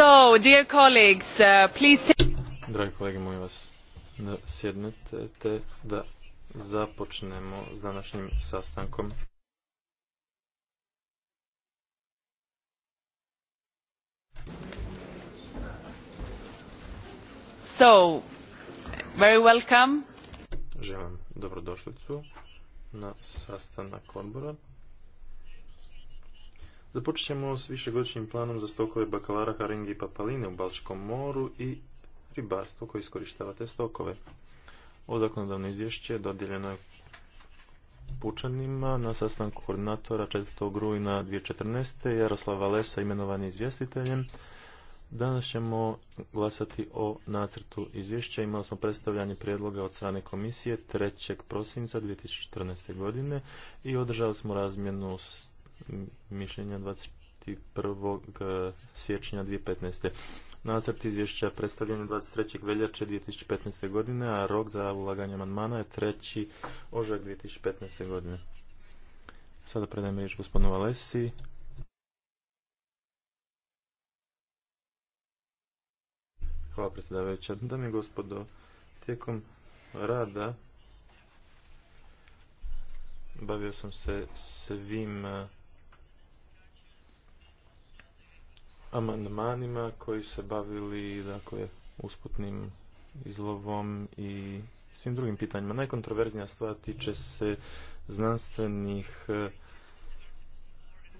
So, dear uh, Dragi kolege, molim vas da sjednete te da započnemo s današnjim sastankom. So, very Želim dobrodošlicu na sastanak odbora. Započet ćemo s višegodišnjim planom za stokove bakalara, haringi i papaline u Balčkom moru i ribarstvo koje iskorištava te stokove. Ovo zakonodavno izvješće dodijeljeno je pučanima na sastanku koordinatora 4. rujna 2014. Jaroslava Lesa imenovan je izvjestiteljem. Danas ćemo glasati o nacrtu izvješća. Imali smo predstavljanje prijedloga od strane komisije 3. prosinca 2014. godine i održali smo razmjenu mišljenja 21. Eh, siječnja 2015. Nacrt izvješća predstavljen je 23. veljače 2015. godine, a rok za ulaganje manmana je 3. ožak 2015. godine. Sada predajem riječ gospodinu Valesi. Hvala predsjedavajuća. Dame i gospodo, tijekom rada bavio sam se svim eh, amandmanima koji su se bavili dakle, usputnim izlovom i svim drugim pitanjima. Najkontroverznija stvar tiče se znanstvenih eh,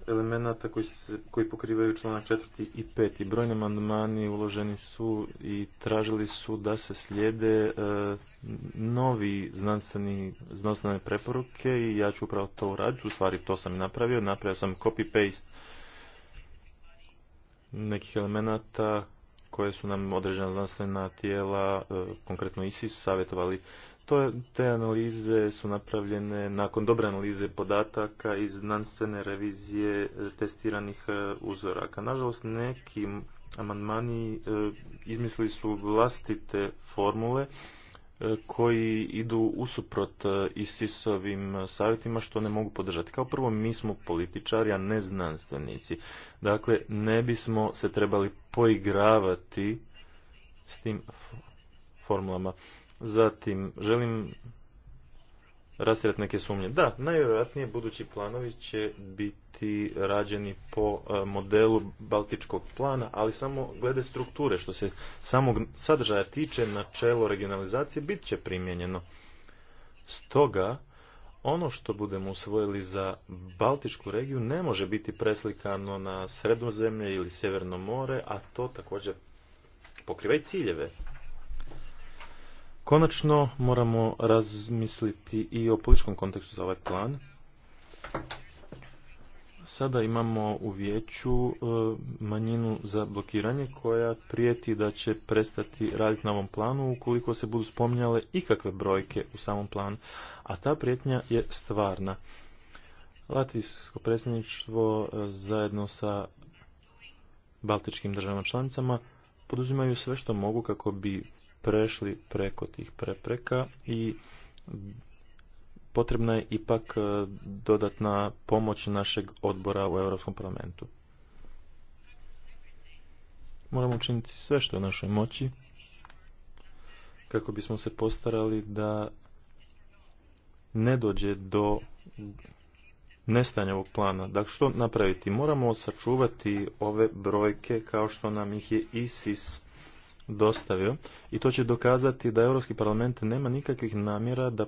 elemenata koji, se, koji pokrivaju članak četvrti i peti. Brojni amandmani uloženi su i tražili su da se slijede eh, novi znanstveni, znanstvene preporuke i ja ću upravo to uraditi. U stvari to sam i napravio. Napravio sam copy-paste nekih elemenata koje su nam određena znanstvena tijela, e, konkretno ISIS, savjetovali. To, te analize su napravljene nakon dobre analize podataka iz znanstvene revizije e, testiranih e, uzoraka. Nažalost, neki amandmani izmislili su vlastite formule koji idu usuprot e, istisovim savjetima što ne mogu podržati. Kao prvo, mi smo političari, a ne znanstvenici. Dakle, ne bismo se trebali poigravati s tim formulama. Zatim, želim rastirat neke sumnje. Da, najvjerojatnije budući planovi će biti rađeni po e, modelu baltičkog plana, ali samo glede strukture, što se samog sadržaja tiče, načelo regionalizacije bit će primijenjeno. Stoga, ono što budemo usvojili za Baltičku regiju ne može biti preslikano na Sredozemlje ili Sjeverno more, a to također pokriva i ciljeve Konačno moramo razmisliti i o političkom kontekstu za ovaj plan. Sada imamo u vijeću e, manjinu za blokiranje koja prijeti da će prestati raditi na ovom planu ukoliko se budu spominjale ikakve brojke u samom planu, a ta prijetnja je stvarna. Latvijsko predsjedništvo e, zajedno sa baltičkim državama članicama poduzimaju sve što mogu kako bi prešli preko tih prepreka i potrebna je ipak e, dodatna pomoć našeg odbora u Europskom parlamentu. Moramo učiniti sve što je u našoj moći kako bismo se postarali da ne dođe do nestanja ovog plana. Dakle, što napraviti? Moramo sačuvati ove brojke kao što nam ih je ISIS dostavio i to će dokazati da Europski parlament nema nikakvih namjera da e,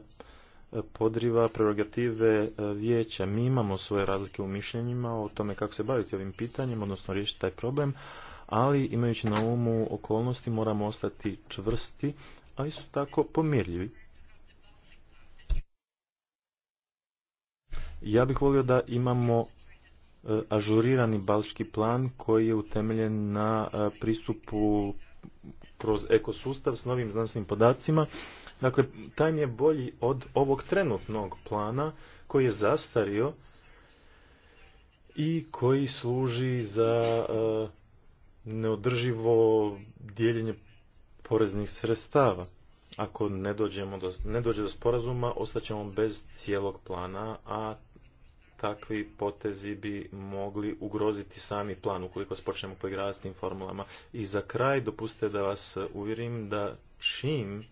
podriva prerogative e, vijeća. Mi imamo svoje razlike u mišljenjima o tome kako se baviti ovim pitanjem, odnosno riješiti taj problem, ali imajući na umu okolnosti moramo ostati čvrsti, a isto tako pomirljivi. Ja bih volio da imamo e, ažurirani balčki plan koji je utemeljen na pristupu kroz ekosustav s novim znanstvenim podacima. Dakle, taj je bolji od ovog trenutnog plana koji je zastario i koji služi za e, neodrživo dijeljenje poreznih sredstava. Ako ne, do, ne dođe do sporazuma, ostaćemo bez cijelog plana, a takvi potezi bi mogli ugroziti sami plan ukoliko spočnemo počnemo poigravati s tim formulama. I za kraj dopustite da vas uvjerim da čim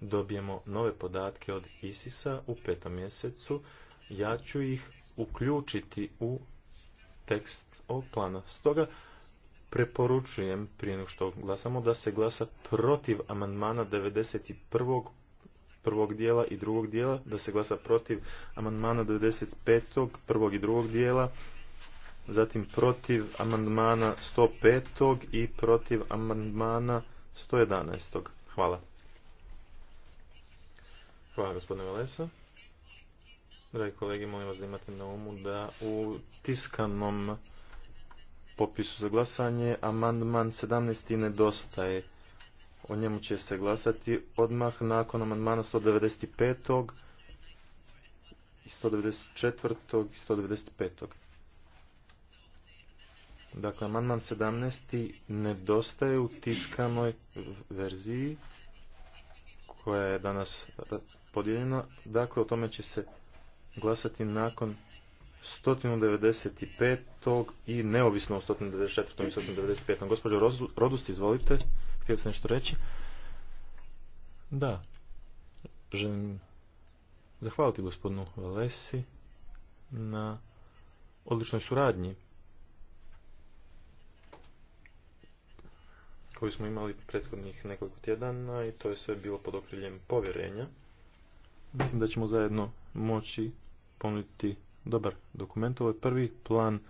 dobijemo nove podatke od ISIS-a u petom mjesecu, ja ću ih uključiti u tekst ovog plana. Stoga preporučujem prije nego što glasamo da se glasa protiv amandmana 91 prvog dijela i drugog dijela, da se glasa protiv amandmana 95. prvog i drugog dijela, zatim protiv amandmana 105. i protiv amandmana 111. Hvala. Hvala gospodine Valesa. Dragi kolege, molim vas da imate na umu da u tiskanom popisu za glasanje amandman 17. nedostaje. O njemu će se glasati odmah nakon amandmana 195. i 194. i 195. Dakle, amandman 17. nedostaje u tiskanoj verziji koja je danas podijeljena. Dakle, o tome će se glasati nakon 195. i neovisno o 194. i 195. Gospođo Rodust, izvolite htio sam nešto reći? Da. Želim zahvaliti gospodinu Valesi na odličnoj suradnji koju smo imali prethodnih nekoliko tjedana i to je sve bilo pod okriljem povjerenja. Mislim da ćemo zajedno moći ponuditi dobar dokument. Ovo je prvi plan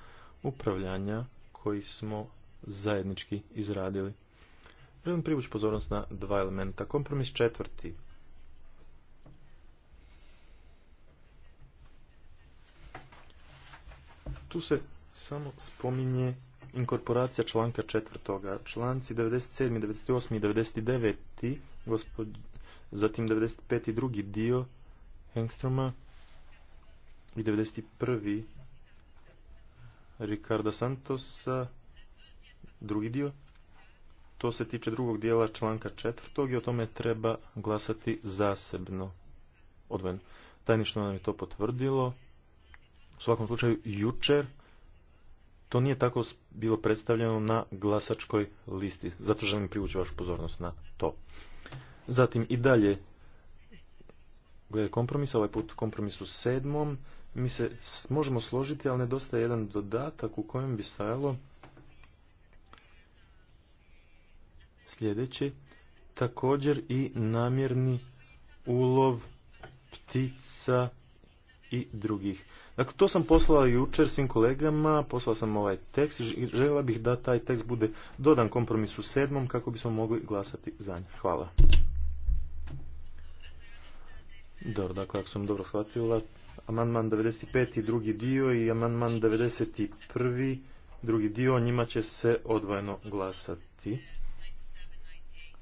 upravljanja koji smo zajednički izradili. Želim privući pozornost na dva elementa. Kompromis četvrti. Tu se samo spominje inkorporacija članka četvrtoga. Članci 97., 98. i 99. Gospod, zatim 95. drugi dio Hengstroma i 91. Ricardo Santosa drugi dio to se tiče drugog dijela članka četvrtog i o tome treba glasati zasebno, odvojeno. tajništvo nam je to potvrdilo. U svakom slučaju, jučer to nije tako bilo predstavljeno na glasačkoj listi. Zato želim privući vašu pozornost na to. Zatim i dalje, glede kompromisa, ovaj put kompromisu sedmom, mi se možemo složiti, ali nedostaje jedan dodatak u kojem bi stajalo sljedeći, također i namjerni ulov ptica i drugih. Dakle, to sam poslao jučer svim kolegama, poslao sam ovaj tekst i željela bih da taj tekst bude dodan kompromisu sedmom kako bismo mogli glasati za nje. Hvala. Dobro, dakle, ako sam dobro shvatila, amandman 95. drugi dio i amandman 91. drugi dio, njima će se odvojeno glasati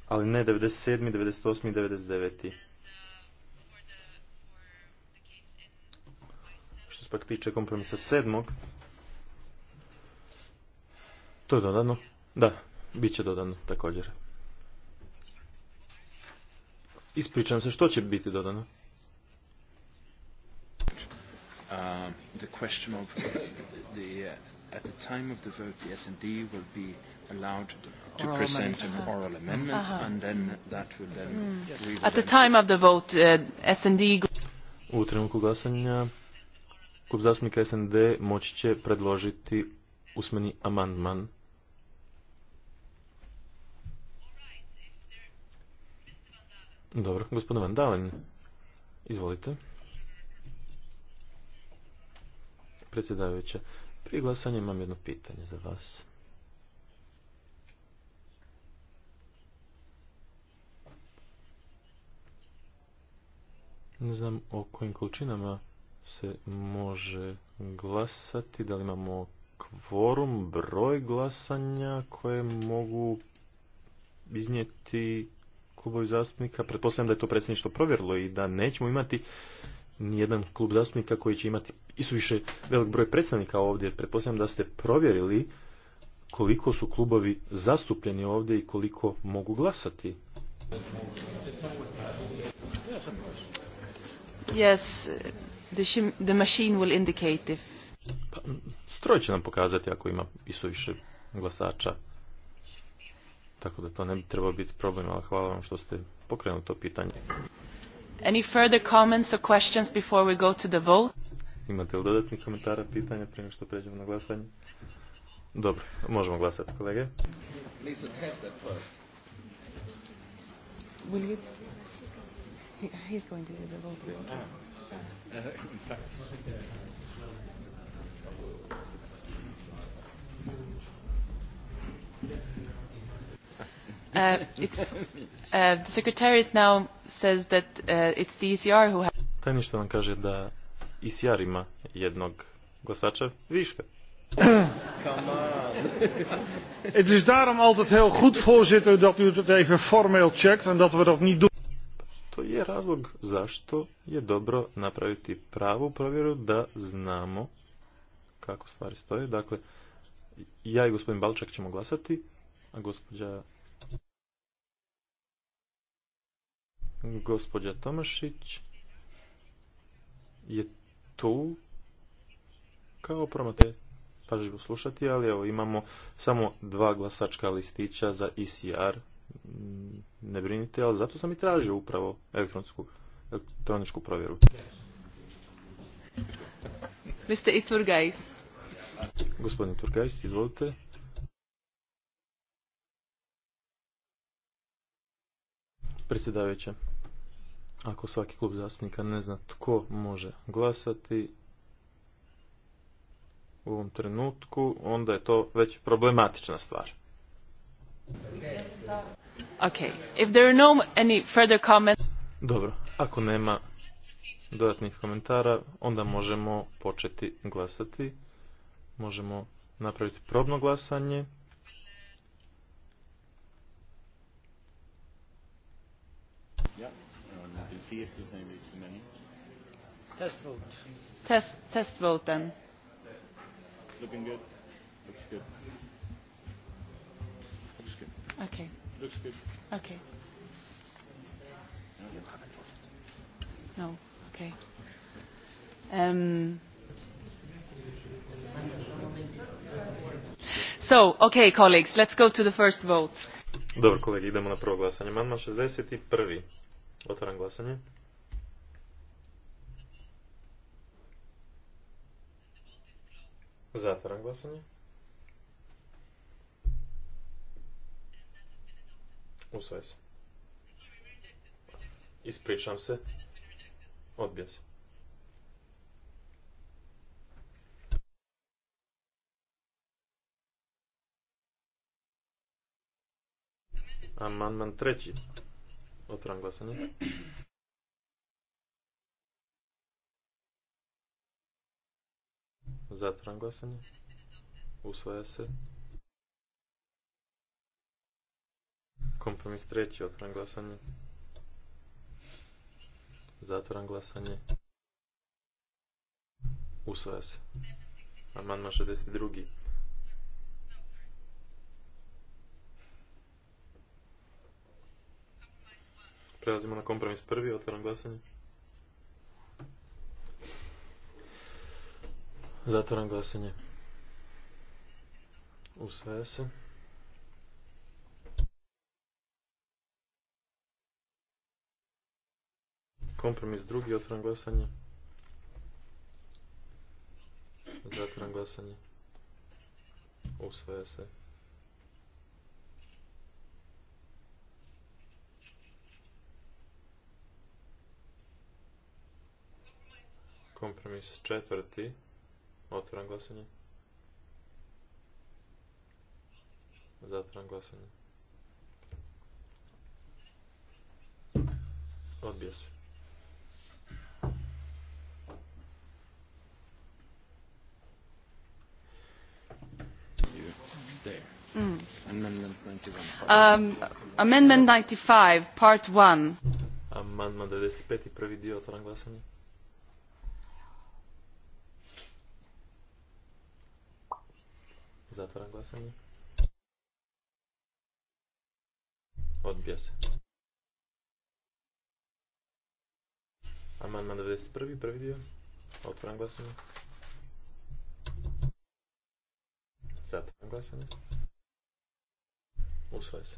ali ne 97., 98. i 99. Što se pak tiče kompromisa sedmog, to je dodano? Da, bit će dodano također. Ispričam se, što će biti dodano? Um, the question of the, uh at the time of the vote, the S&D will be allowed to oral present amendment. an uh-huh. oral amendment, -huh. and then that will then... Mm. At the time of the vote, uh, S&D... U trenutku glasanja, klub zastupnika SND moći će predložiti usmeni amandman. Dobro, gospodin Van Dalen, izvolite. Predsjedavajuća, prije glasanja imam jedno pitanje za vas. Ne znam o kojim količinama se može glasati, da li imamo kvorum, broj glasanja koje mogu iznijeti klubovi zastupnika. Pretpostavljam da je to predsjedništvo provjerilo i da nećemo imati nijedan klub zastupnika koji će imati isuviše velik broj predstavnika ovdje. Pretpostavljam da ste provjerili koliko su klubovi zastupljeni ovdje i koliko mogu glasati. Yes, the, machine will indicate pa, stroj će nam pokazati ako ima isuviše glasača. Tako da to ne bi trebao biti problem, ali hvala vam što ste pokrenuli to pitanje. Any further comments or questions before we go to the vote? Imate li dodatnih komentara, pitanja prije što pređemo na glasanje? Dobro, možemo glasati, kolege. Lisa, test that first. Will you... he's going to do the vote. Yeah. Uh, it's, uh, the secretariat now says that uh, e Tajništvo nam kaže da ECR ima jednog glasača viška. het is daarom altijd heel goed, voorzitter, dat u het even formeel checkt en dat we dat niet doen. To je razlog zašto je dobro napraviti pravu provjeru da znamo kako stvari stoje. Dakle, ja i gospodin Balčak ćemo glasati, a gospođa Gospođa Tomašić je tu kao promate pažljivo slušati, ali evo imamo samo dva glasačka listića za ICR. E ne brinite, ali zato sam i tražio upravo elektronsku, elektroničku provjeru. Mr. Iturgajs. Gospodin Iturgajs, izvolite. Predsjedavajuća. Ako svaki klub zastupnika ne zna tko može glasati u ovom trenutku, onda je to već problematična stvar. Dobro, ako nema dodatnih komentara, onda možemo početi glasati. Možemo napraviti probno glasanje. see if there's maybe too many. Test vote. Test, test vote then. Looking good. Looks good. Looks good. Okay. Looks good. Okay. No, Okay. Um, so, okay, colleagues, let's go to the first vote. Dobro, kolegi, idemo na prvo glasanje. Amandman 61. Otvaram glasanje. Zatvaram glasanje. Usvaja se. Ispričam se. Odbija se. Amandman treći. Otvaram glasanje. Zatvaram glasanje. Usvaja se. Kompromis treći. Otvaram glasanje. Zatvaram glasanje. Usvaja se. Amandman 62. Prelazimo na kompromis prvi, otvaram glasanje. Zatvaram glasanje. Usvaja se. Kompromis drugi, otvaram glasanje. Zatvaram glasanje. Usvaja se. Kompromis četvrti. Otvaram glasanje. Zatvaram glasanje. Odbija se. Um, amendment 95, part 1. Amendment 95, prvi dio, otvaram glasanje. Zatvaram glasanje. Odbija se. Amandman 91. prvi dio. Otvaram glasanje. Zatvaram glasanje. Usvaj se.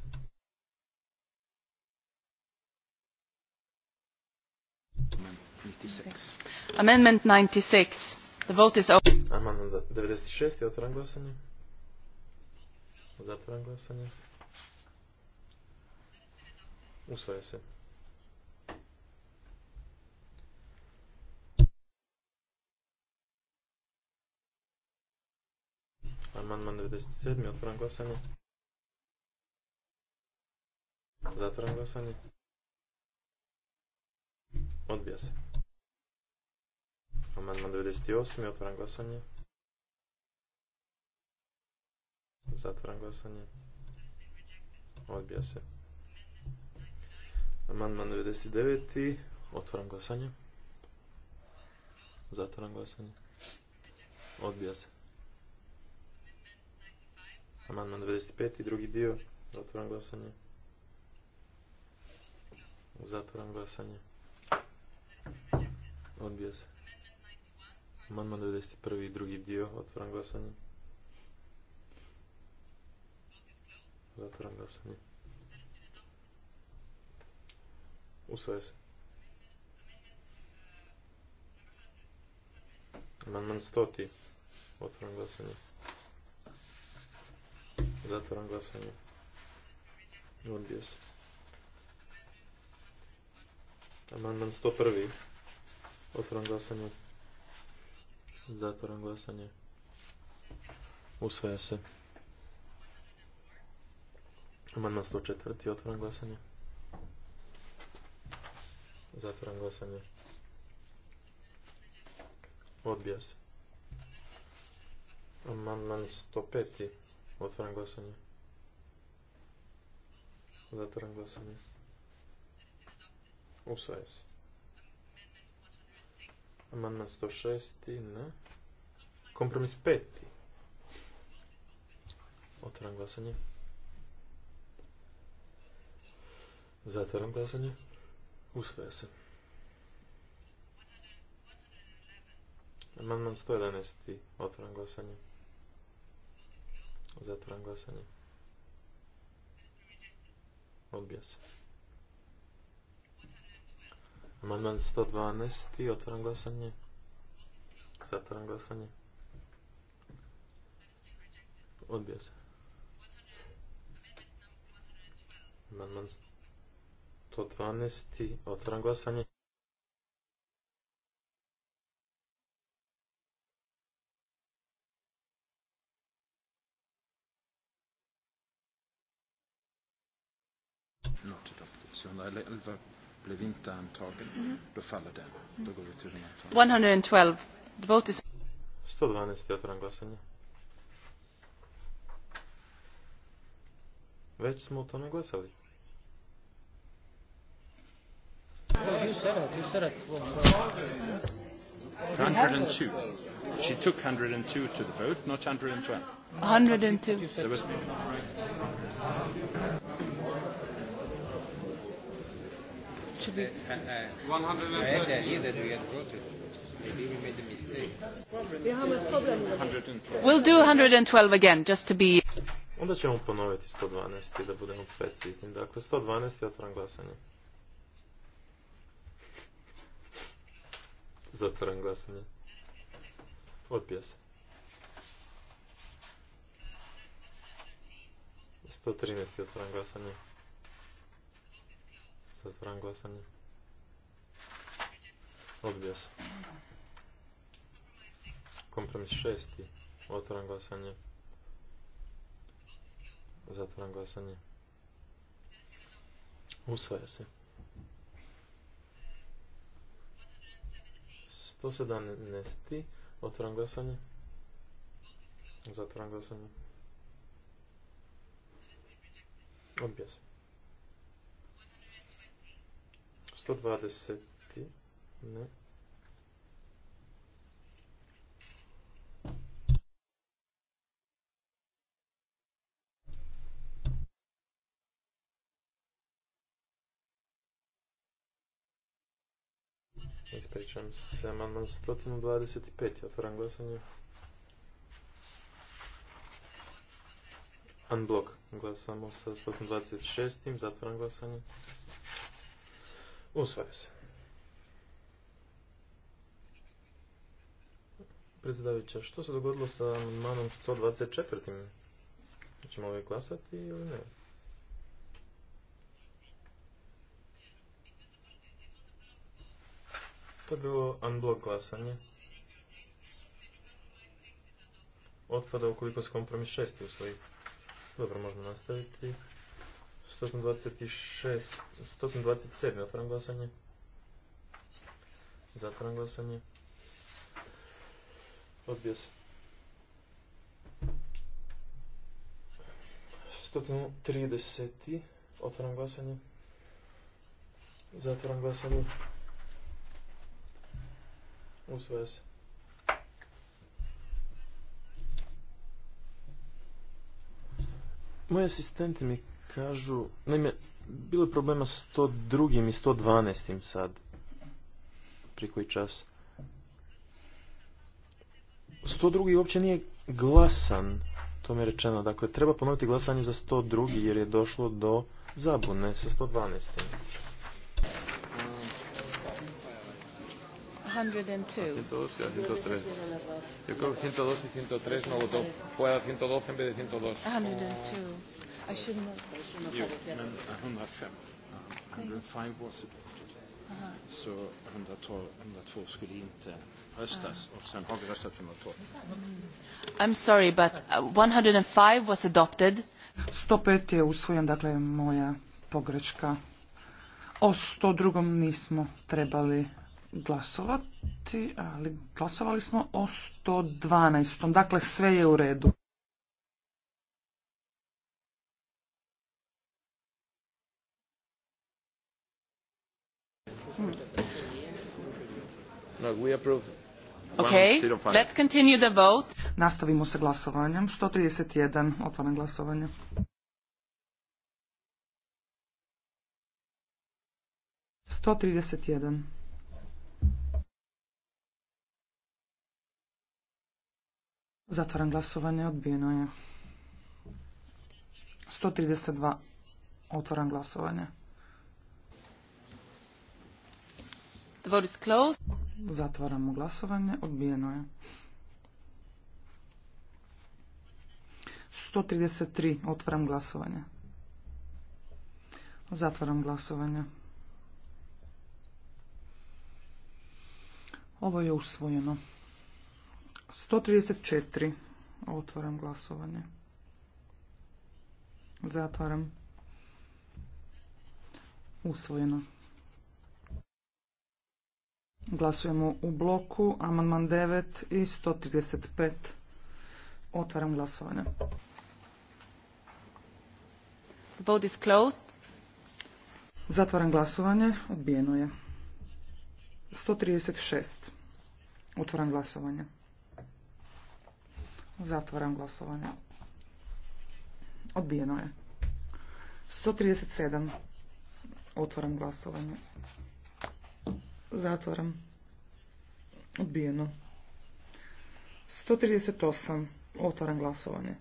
Amendment 96. The vote is open. Amendment 96. Otvaram glasanje. Zatvaram glasanje. Usvaja se. Amandman 97. Otvaram glasanje. Zatvaram glasanje. Odbija se. Amandman 98. Otvaram glasanje. Zatvaram glasanje. Odbija se. Amandman 99. Otvaram glasanje. Zatvaram glasanje. Odbija se. Amandman 95. Drugi dio. zatvoram glasanje. Zatvaram glasanje. Odbija se. Amandman 91. Drugi dio. Otvaram glasanje. Zatvaram glasanje. Usvaja se. Amandman stoti. Otvaram glasanje. Zatvaram glasanje. Odbio se. sto prvi. Otvaram glasanje. Zatvaram glasanje. Usvaja se. Amandman 104. Otvaram glasanje. Zatvaram glasanje. Odbija se. Amandman 105. Otvaram glasanje. Zatvaram glasanje. Usvaja se. Amandman 106. Ne. Kompromis 5. Otvaram glasanje. Zatvaram glasanje. Usvaja se. Amandman 111. Otvaram glasanje. Zatvaram glasanje. Odbija se. Amandman 112. Otvaram glasanje. Zatvaram glasanje. Odbija se. Amandman 112. Otvaram glasanje. 112. Mhm. Mhm. glasanje. Već smo o tome glasali. 102. She took 102 to the vote, not 112. 102. There was... Uh, uh, uh, Maybe we made a mistake. We have a problem. We'll do 112 again, just to be... Onda ćemo ponoviti 112 da budemo precizni. Dakle, 112 je otvoran glasanje. Zatvaram glasanje. Odbija se. 113. Otvaram glasanje. Zatvaram glasanje. Odbija se. Kompromis 6. Otvaram glasanje. Zatvaram glasanje. Usvaja se. 117. Otvoram glasanje. Zatvoram glasanje. Odbija se. 120. Ne. Ispričam se, amandman 125. Otvaram glasanje. Unblock. Glasamo sa 126. Zatvaram glasanje. Usvaja se. Predsjedavića, što se dogodilo sa amandmanom 124. Hoćemo li glasati ili ne? To je bilo unblock glasanje. Otpada ukoliko se kompromis šesti usvoji. Dobro, možemo nastaviti. 126, 127. Otvaram glasanje. Zatvaram glasanje. Odbija se. 130. Otvaram glasanje. Zatvaram glasanje. Usvaja se. Moji asistenti mi kažu, naime, bilo je problema s 102. i 112. sad, pri koji čas. 102. uopće nije glasan, to mi je rečeno. Dakle, treba ponoviti glasanje za 102. jer je došlo do zabune sa 112. 102. Yo creo que 102 y 103 no votó. Fue a 112 en vez de 102. 102. Ah, I should not. You, 105. 105 was Så 112, 102 skulle inte röstas uh-huh. och sen har vi röstat 112. Mm. I'm sorry but 105 uh, was adopted. 105 je usvojen, dakle moja pogreška. O 102 nismo trebali glasovati, ali glasovali smo o 112. Dakle, sve je u redu. Okay, let's continue the vote. Nastavimo sa glasovanjem. 131, otvaram glasovanje. Sto trideset jedan Zatvaram glasovanje, odbijeno je. 132. Otvaram glasovanje. The vote Zatvaramo glasovanje, odbijeno je. 133. Otvaram glasovanje. Zatvaram glasovanje. Ovo je usvojeno. 134. Otvaram glasovanje. Zatvaram. Usvojeno. Glasujemo u bloku. Amandman 9 i 135. Otvaram glasovanje. The vote is closed. Zatvaram glasovanje. Odbijeno je. 136. Otvaram glasovanje. Zatvaram glasovanje. Odbijeno je. 137. Otvaram glasovanje. Zatvaram. Odbijeno. 138. Otvaram glasovanje.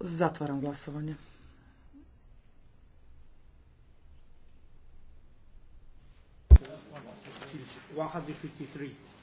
Zatvaram glasovanje. One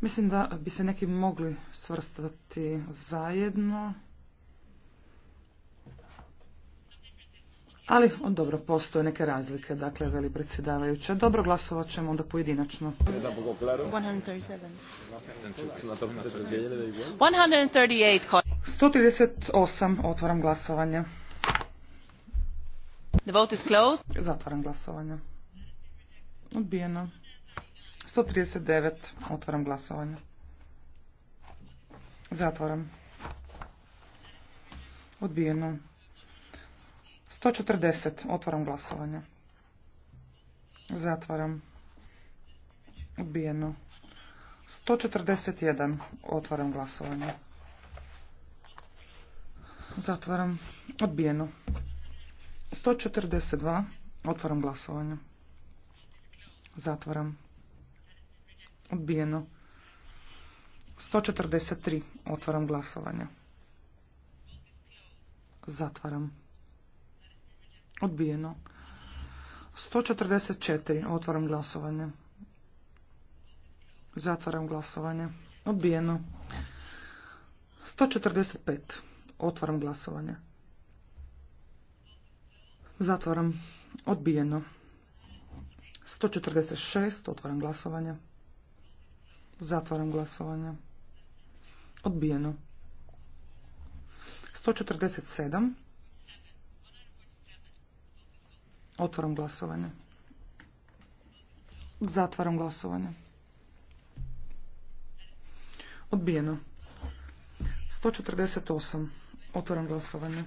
Mislim da bi se neki mogli svrstati zajedno. Ali, on dobro, postoje neke razlike, dakle, veli predsjedavajuća. Dobro, glasovat ćemo onda pojedinačno. 138. 138, otvaram glasovanje. Zatvaram glasovanje. Odbijeno. 139. Otvaram glasovanje. Zatvaram. Odbijeno. 140. Otvaram glasovanje. Zatvaram. Odbijeno. 141. Otvaram glasovanje. Zatvaram. Odbijeno. 142. Otvaram glasovanje. Zatvaram. Odbijeno. 143. Otvaram glasovanje. Zatvaram. Odbijeno. 144. Otvaram glasovanje. Zatvaram glasovanje. Odbijeno. 145. Otvaram glasovanje. Zatvaram. Odbijeno. 146. Otvaram glasovanje. Zatvaram glasovanje. Odbijeno. 147. Otvaram glasovanje. Zatvaram glasovanje. Odbijeno. 148. Otvaram glasovanje.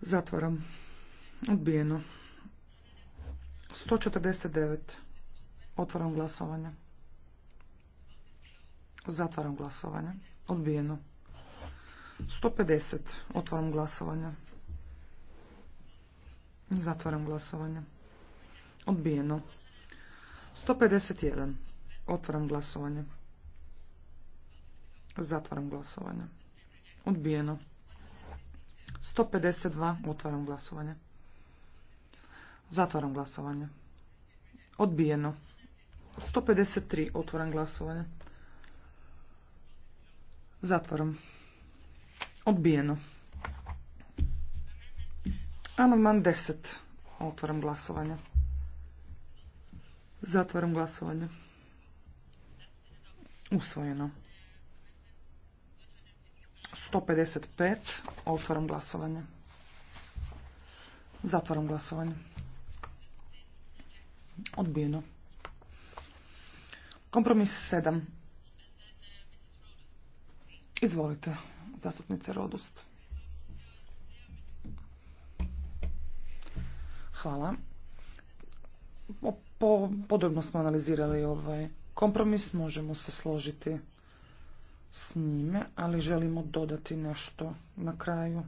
Zatvaram. Odbijeno. 149. Otvaram glasovanje. Zatvaram glasovanje. Odbijeno. 150. Otvaram glasovanje. Zatvaram glasovanje. Odbijeno. 151. Otvaram glasovanje. Zatvaram glasovanje. Odbijeno. 152. Otvaram glasovanje. Zatvaram glasovanje. Odbijeno. 153. Otvaram glasovanje. Zatvaram. Odbijeno. Amandman 10. Otvaram glasovanje. Zatvaram glasovanje. Usvojeno. 155. Otvaram glasovanje. Zatvaram glasovanje. Odbijeno. Kompromis 7. Izvolite, zastupnice Rodust. Hvala. podobno smo analizirali ovaj kompromis, možemo se složiti s njime, ali želimo dodati nešto na kraju.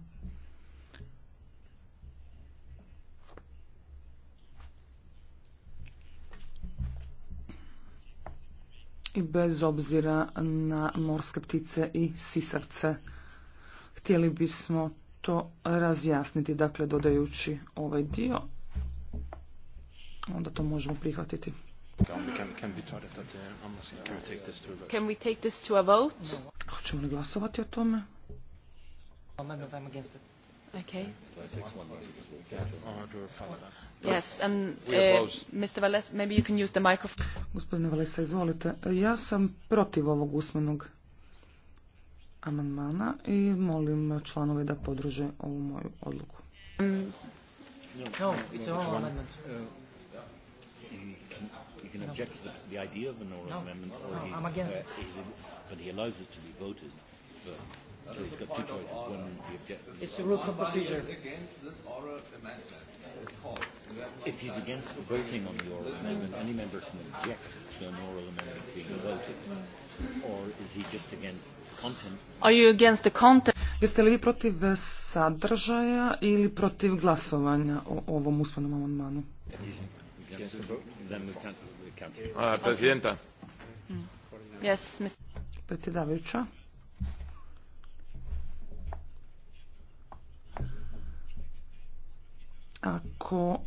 i bez obzira na morske ptice i sisarce, Htjeli bismo to razjasniti, dakle dodajući ovaj dio, onda to možemo prihvatiti. Can uh, Hoćemo li glasovati o tome? Okay. Yes, and, uh, Mr. Vales, maybe you can use the microphone. Gospodine Valesa, izvolite. Ja sam protiv ovog usmenog amandmana i molim članove da podrže ovu moju odluku. no, it's an oral amendment. You can object to the idea of an oral amendment, or he's, uh, it, but he allows it to be voted. But So he's got two choices. One, you it's the rules of procedure. against this oral amendment. If he's against voting on the oral amendment, any member can object to an oral amendment being voted. Or is he just against the content? Are you against the content? Jeste li vi protiv sadržaja ili protiv glasovanja o ovom usmenom amandmanu? Ah, Predsjedenta. Hmm. Yes, Mr. Predsjedavajuća. Ako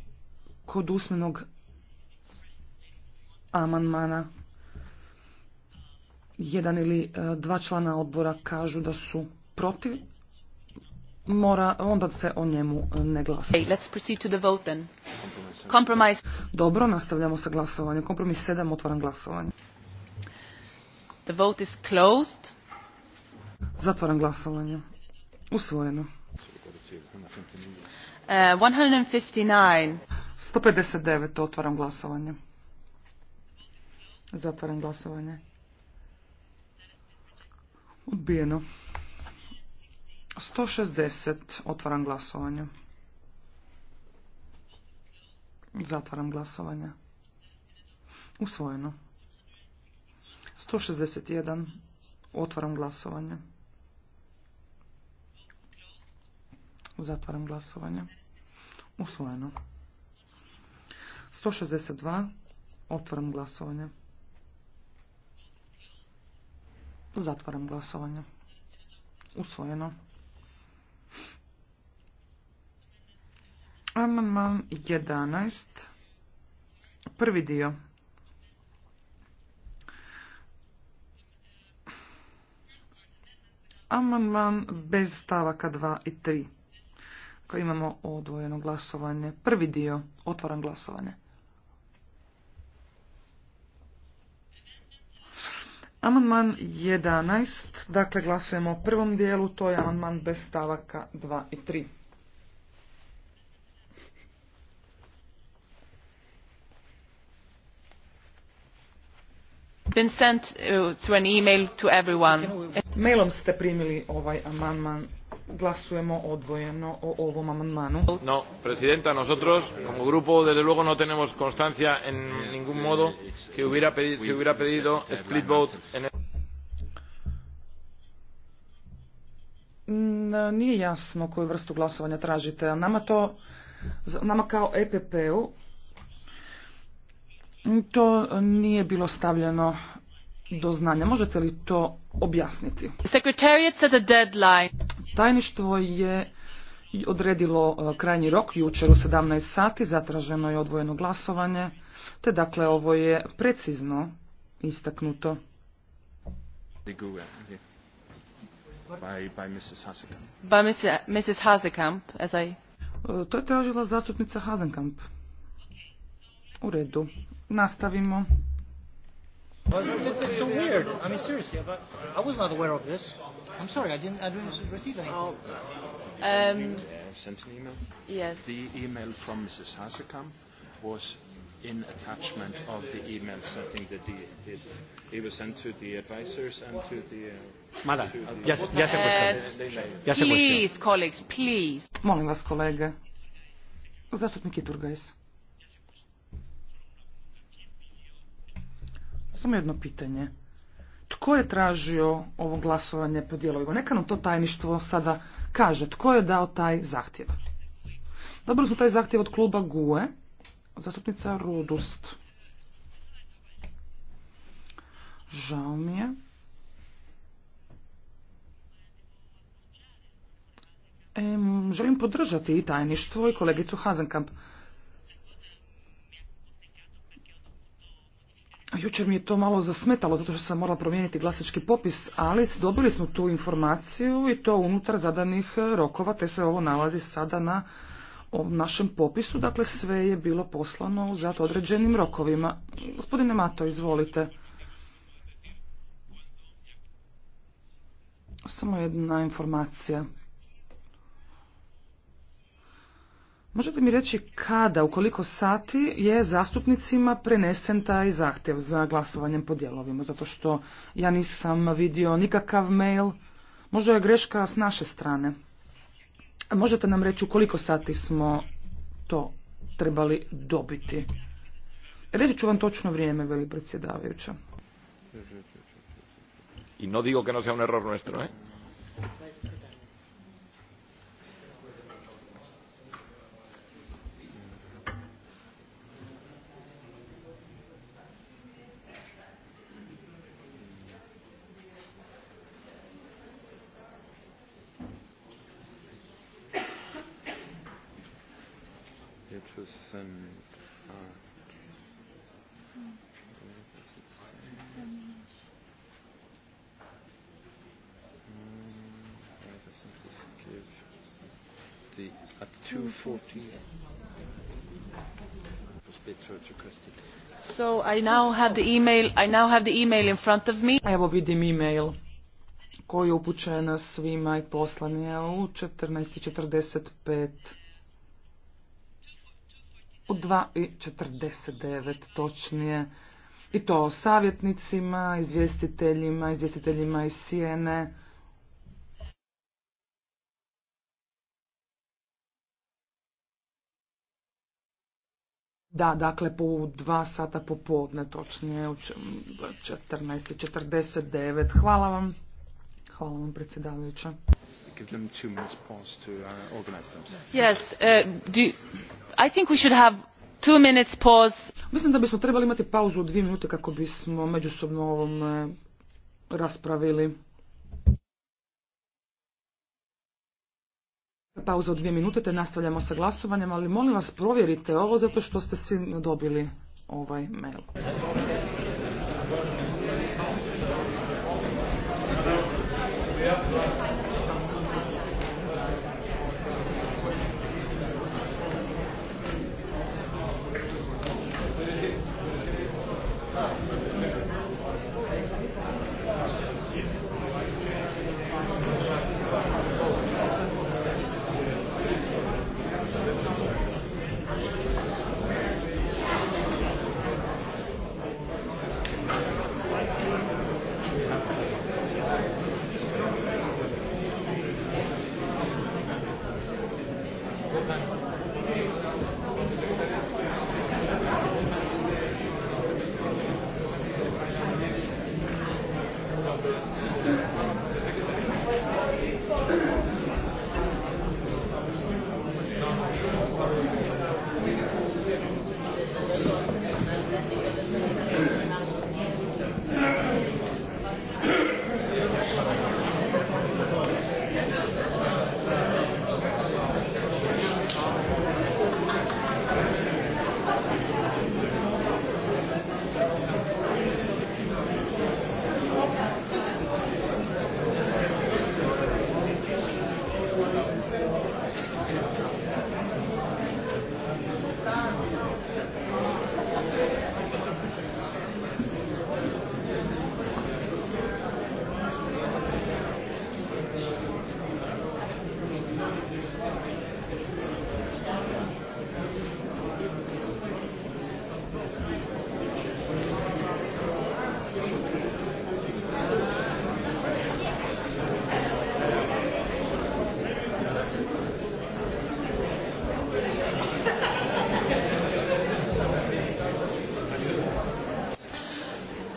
kod usmenog amanmana jedan ili e, dva člana odbora kažu da su protiv, mora, onda se o njemu e, ne glasa. Dobro, nastavljamo sa glasovanjem. Kompromis 7, otvaram glasovanje. The vote is closed. Zatvaram glasovanje. Usvojeno. 159. Uh, otvaram glasovanje. Zatvaram glasovanje. Odbijeno. 160. Otvaram glasovanje. Zatvaram glasovanje. Usvojeno. 161. Otvaram glasovanje. Zatvaram glasovanje. Usvojeno. 162. Otvaram glasovanje. Zatvaram glasovanje. Usvojeno. Amandman 11. Prvi dio. Amandman bez stavaka 2 i 3 imamo odvojeno glasovanje. Prvi dio, otvoran glasovanje. Amandman 11, dakle glasujemo o prvom dijelu, to je amandman bez stavaka 2 i 3. been sent uh, through an email to everyone. Mailom ste primili ovaj amandman glasujemo odvojeno o ovom amandmanu. No, presidenta, nosotros como grupo desde luego no tenemos constancia en ningún modo que hubiera pedido, se hubiera pedido split vote en el... Mm, nije jasno koju vrstu glasovanja tražite, nama to, nama kao EPP-u to nije bilo stavljeno do znanja. Možete li to objasniti? Secretariat set a deadline. Tajništvo je odredilo e, krajnji rok jučer u 17 sati, zatraženo je odvojeno glasovanje, te dakle ovo je precizno istaknuto. E, to je tražila zastupnica Hasenkamp. U redu. Nastavimo. I'm sorry, I didn't, I didn't receive anything. Oh. Uh, um, uh, sent an email? Yes. The email from Mrs. Hasekam was in attachment of the email sending the did. It was sent to the advisors and to the... Uh, Mada, yes, the... ja, ja se postavio. Ja se please, colleagues, please. Molim vas, kolege. Zastupnik Iturgajs. Samo jedno pitanje. Tko je tražio ovo glasovanje po dijelovima? Neka nam to tajništvo sada kaže. Tko je dao taj zahtjev? Dobro su taj zahtjev od kluba GUE, zastupnica Rudust. Žao mi je. želim podržati i tajništvo i kolegicu Hazenkamp. Jučer mi je to malo zasmetalo zato što sam morala promijeniti glasački popis, ali dobili smo tu informaciju i to unutar zadanih e, rokova, te se ovo nalazi sada na našem popisu, dakle sve je bilo poslano zato određenim rokovima. Gospodine Mato, izvolite. Samo jedna informacija. Možete mi reći kada, ukoliko sati je zastupnicima prenesen taj zahtjev za glasovanjem po dijelovima? Zato što ja nisam vidio nikakav mail. Možda je greška s naše strane. Možete nam reći u koliko sati smo to trebali dobiti? Reći ću vam točno vrijeme, veli predsjedavajuća. I no digo que no sea un error nuestro, eh? Evo vidim e-mail koji je upućena svima i poslan je u 14.45. U 2.49 točnije. I to savjetnicima, izvjestiteljima, izvjestiteljima iz Sijene, Da, dakle, po dva sata popodne, točnije u 14.49. Hvala vam. Hvala vam, predsjedavajuća. Uh, yes, uh, do, I think we should have two minutes pause. Mislim da bismo trebali imati pauzu od dvije minute kako bismo međusobno ovom uh, raspravili. pauza od dvije minute te nastavljamo sa glasovanjem, ali molim vas provjerite ovo zato što ste svi dobili ovaj mail.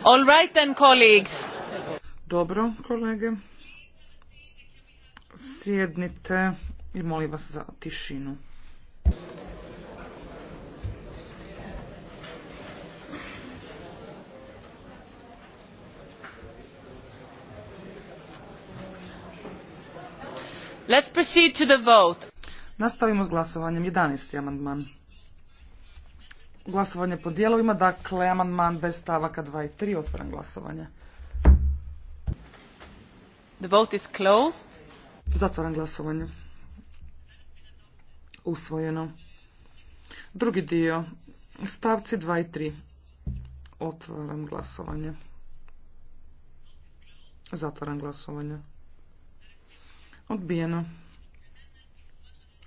All right then, colleagues. Dobro, kolege. Sjednite i molim vas za tišinu. Let's proceed to the vote. Nastavimo s glasovanjem. 11. amandman. Glasovanje po dijelovima, dakle, amandman bez stavaka 2 i 3, Otvoren glasovanje. The vote is closed. Zatvoren glasovanje. Usvojeno. Drugi dio, stavci 2 i 3. Otvoren glasovanje. Zatvoren glasovanje. Odbijeno.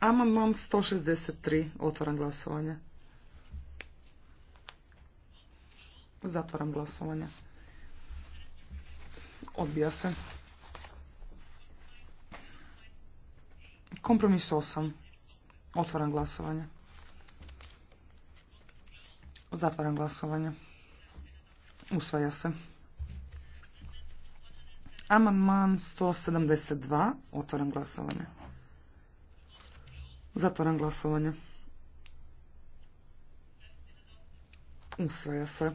Amandman 163. Otvoren glasovanje. Zatvaram glasovanje. Odbija se. Kompromis 8. Otvaram glasovanje. Zatvaram glasovanje. Usvaja se. Amandman 172. Otvaram glasovanje. Zatvaram glasovanje. Usvaja se.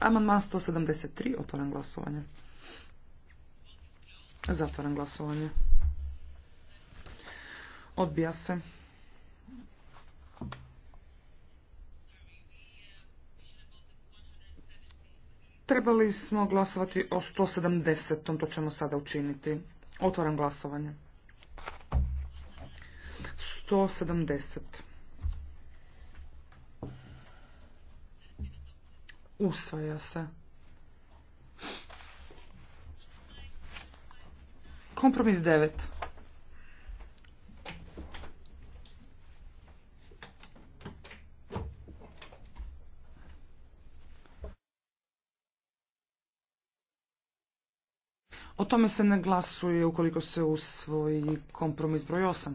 Amandman 173, otvoren glasovanje. Zatvoren glasovanje. Odbija se. Trebali smo glasovati o 170. To ćemo sada učiniti. Otvoram glasovanje. 170. Usvaja se. Kompromis devet. O tome se ne glasuje ukoliko se usvoji kompromis broj 8.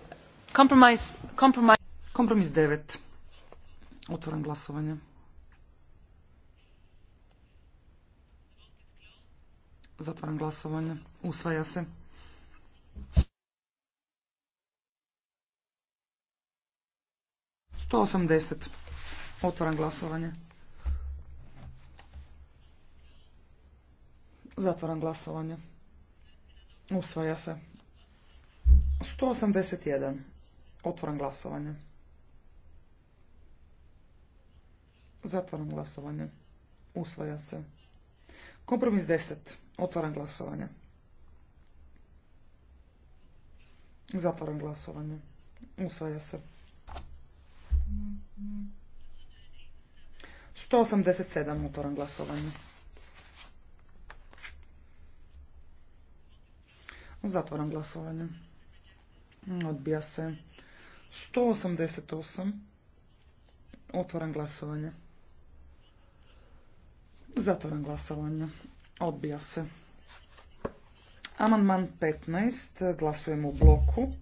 Kompromis, devet. otvaram glasovanje. Zatvaram glasovanje. Usvaja se. Sto osamdeset. Otvaram glasovanje. Zatvaram glasovanje. Usvaja se. Sto jedan. Otvoram glasovanje. Zatvaram glasovanje. Usvaja se. Kompromis 10. Otvaram glasovanje. Zatvaram glasovanje. Usvaja se. 187. otvoram glasovanje. Zatvaram glasovanje. Odbija se. 188. Otvoran glasovanje. Zatvoran glasovanje. Odbija se. Amandman 15. Glasujemo u bloku.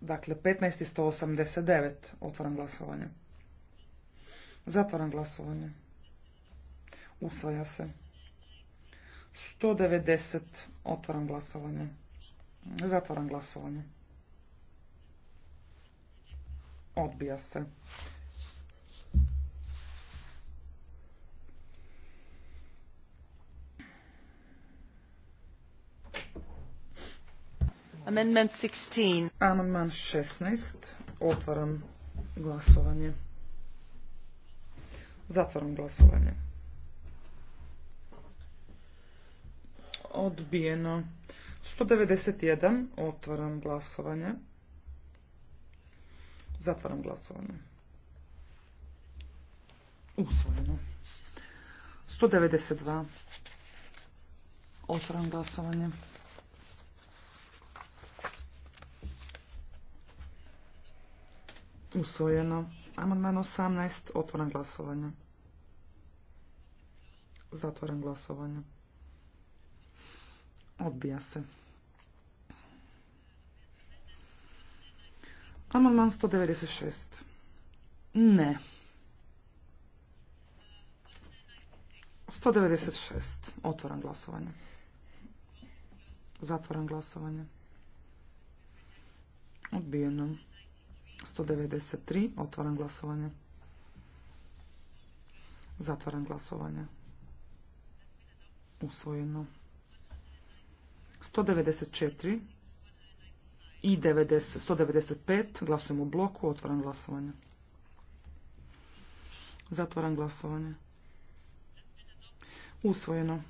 Dakle, 15 i 189. otvaram glasovanje. Zatvoran glasovanje. Usvaja se. 190. Otvoran glasovanje. Zatvoran glasovanje. Odbija se. Amendment 16. Amendment 16. Otvaram glasovanje. Zatvaram glasovanje. Odbijeno. 191. Otvaram glasovanje. Zatvaram glasovanje. Usvojeno. 192. Otvaram glasovanje. Usvojeno. Amandman 18. Otvaram glasovanje. Zatvaram glasovanje. Odbija se. Amandman 196. Ne. 196. Otvoram glasovanje. Zatvoram glasovanje. Odbijeno. 193. Otvoram glasovanje. Zatvaram glasovanje. Usvojeno. 194 i 90, 195. Glasujemo u bloku. Otvaram glasovanje. Zatvaram glasovanje. Usvojeno.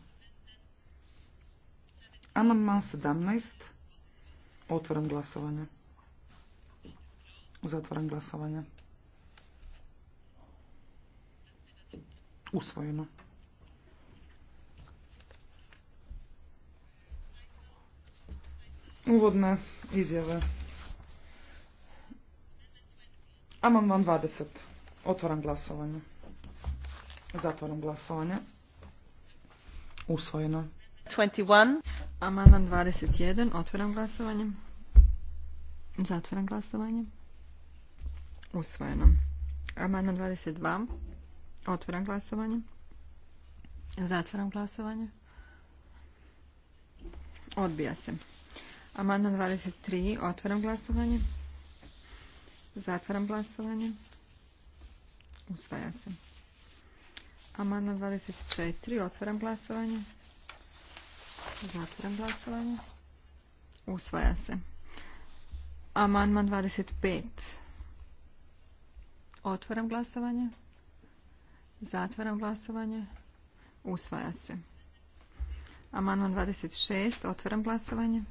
Amandman 17. Otvaram glasovanje. Zatvaram glasovanje. Usvojeno. uvodna izjave. Amandman 20. Otvaram glasovanje. Zatvaram glasovanje. Usvojeno. 21. Amandman 21. Otvaram glasovanje. Zatvaram glasovanje. Usvojeno. Amandman 22. Otvaram glasovanje. Zatvaram glasovanje. Odbija se. Amandman 23. Otvaram glasovanje. Zatvaram glasovanje. Usvaja se. Amandman 24. Otvaram glasovanje. Zatvaram glasovanje. Usvaja se. Amandman 25. Otvaram glasovanje. Zatvaram glasovanje. Usvaja se. Amandman 26. Otvaram glasovanje.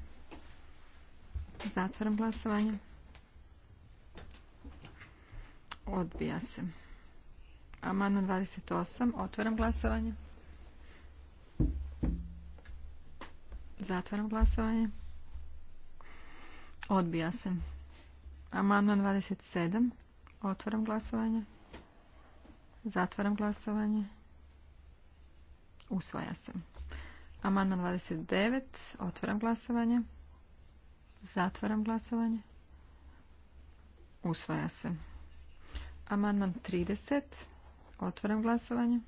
Zatvaram glasovanje. Odbija se. Amandman 28. Otvaram glasovanje. Zatvaram glasovanje. Odbija se. Amandman 27. Otvaram glasovanje. Zatvaram glasovanje. Usvaja se. Amandman 29. Otvaram glasovanje. Zatvaram glasovanje. Usvaja se. Amandman 30. Otvaram glasovanje.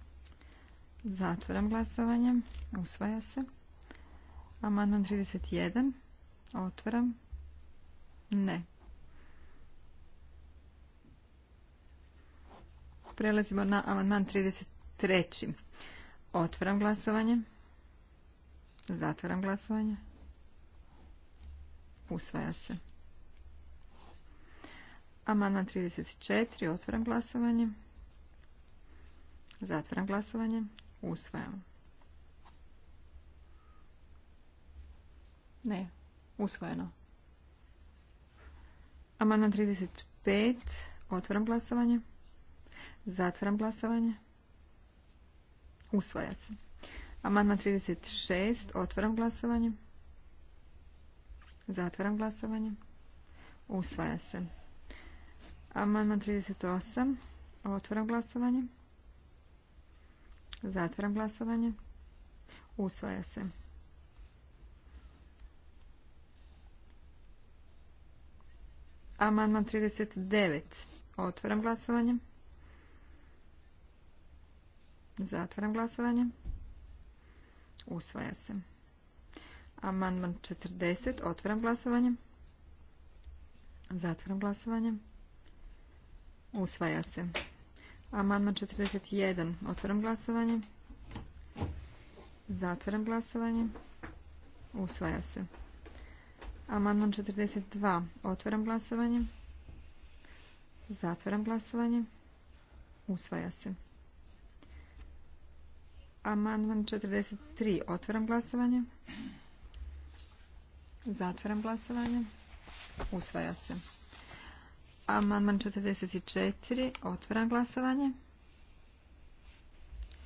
Zatvaram glasovanje. Usvaja se. Amandman 31. Otvaram. Ne. Prelazimo na amandman 33. Otvaram glasovanje. Zatvaram glasovanje. Usvaja se. Amandman 34. Otvaram glasovanje. Zatvaram glasovanje. Usvajam. Ne, usvojeno. Amandman 35. Otvaram glasovanje. Zatvaram glasovanje. Usvaja se. Amandman 36. Otvaram glasovanje. Zatvaram glasovanje. Usvaja se. Amandman 38. Otvaram glasovanje. Zatvaram glasovanje. Usvaja se. Amandman 39. Otvaram glasovanje. Zatvaram glasovanje. Usvaja se. Amandman 40. Otvaram glasovanje. Zatvaram glasovanje. Usvaja se. Amandman 41. Otvaram glasovanje. Zatvaram glasovanje. Usvaja se. Amandman 42. Otvaram glasovanje. Zatvaram glasovanje. Usvaja se. Amandman 43. Otvaram glasovanje. Zatvaram glasovanje. Usvaja se. Amandman 44. Otvaram glasovanje.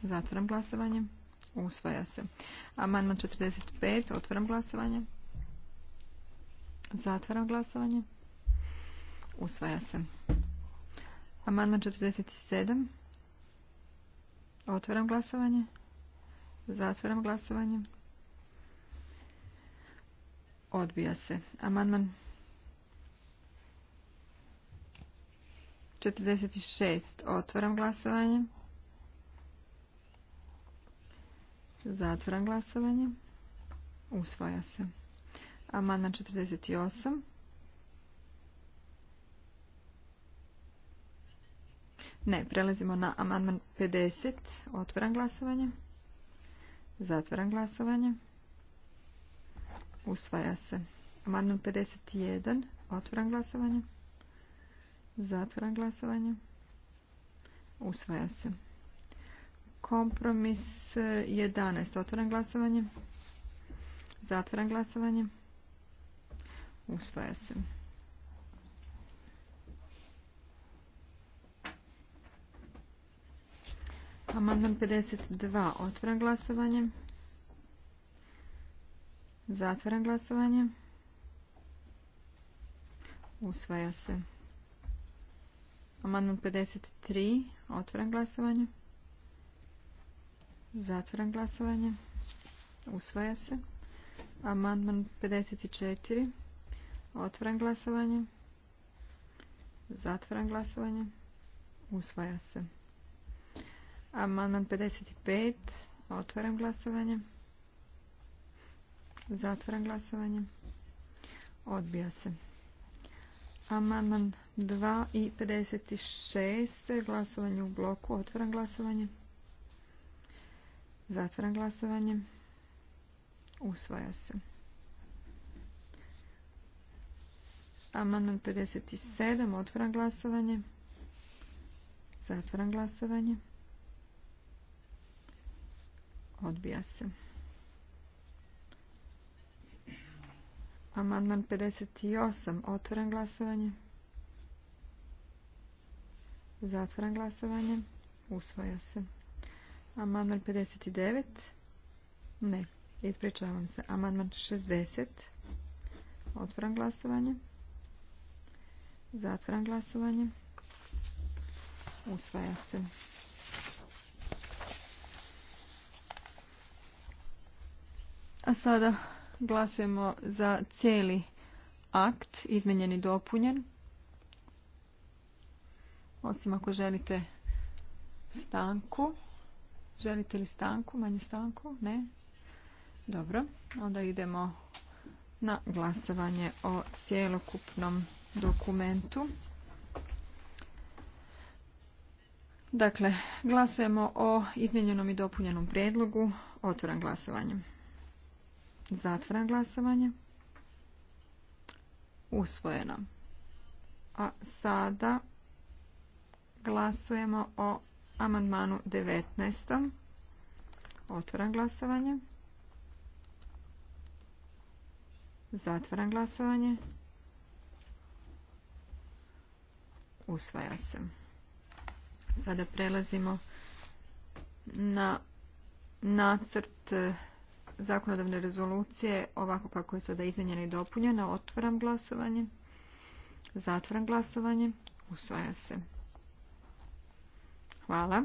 Zatvaram glasovanje. Usvaja se. Amandman 45. Otvaram glasovanje. Zatvaram glasovanje. Usvaja se. Amandman 47. Otvaram glasovanje. Zatvaram glasovanje. Odbija se. Amandman 46. Otvaram glasovanje. Zatvaram glasovanje. Usvaja se. Amandman 48. Ne, prelazimo na amandman 50. Otvaram glasovanje. Zatvaram glasovanje. Usvaja se. Amandman 51. Otvoram glasovanje. Zatvoram glasovanje. Usvaja se. Kompromis 11. Otvoram glasovanje. Zatvoram glasovanje. Usvaja se. Amandman 52. Otvoram glasovanje. Zatvaram glasovanje. Usvaja se. Amandman 53. Otvaram glasovanje. Zatvaram glasovanje. Usvaja se. Amandman 54. Otvaram glasovanje. Zatvaram glasovanje. Usvaja se. Amandman 55. Otvaram glasovanje. Zatvaram glasovanje. Odbija se. Amandman 2 i 56. Glasovanje u bloku. Otvaram glasovanje. Zatvaram glasovanje. Usvaja se. Amandman 57. Otvaram glasovanje. Zatvaram glasovanje. Odbija se. Amandman 58. Otvoren glasovanje. Zatvoren glasovanje. Usvaja se. Amandman 59. Ne. Ispričavam se. Amandman 60. Otvoren glasovanje. Zatvoren glasovanje. Usvaja se. A sada Glasujemo za cijeli akt, izmenjen i dopunjen. Osim ako želite stanku. Želite li stanku, manju stanku? Ne? Dobro, onda idemo na glasovanje o cijelokupnom dokumentu. Dakle, glasujemo o izmijenjenom i dopunjenom prijedlogu. Otvoram glasovanjem Zatvaram glasovanje. Usvojeno. A sada glasujemo o amandmanu 19. Otvaram glasovanje. Zatvaram glasovanje. Usvaja se. Sada prelazimo na nacrt zakonodavne rezolucije ovako kako je sada izmenjena i dopunjena. Otvaram glasovanje. Zatvaram glasovanje. Usvaja se. Hvala.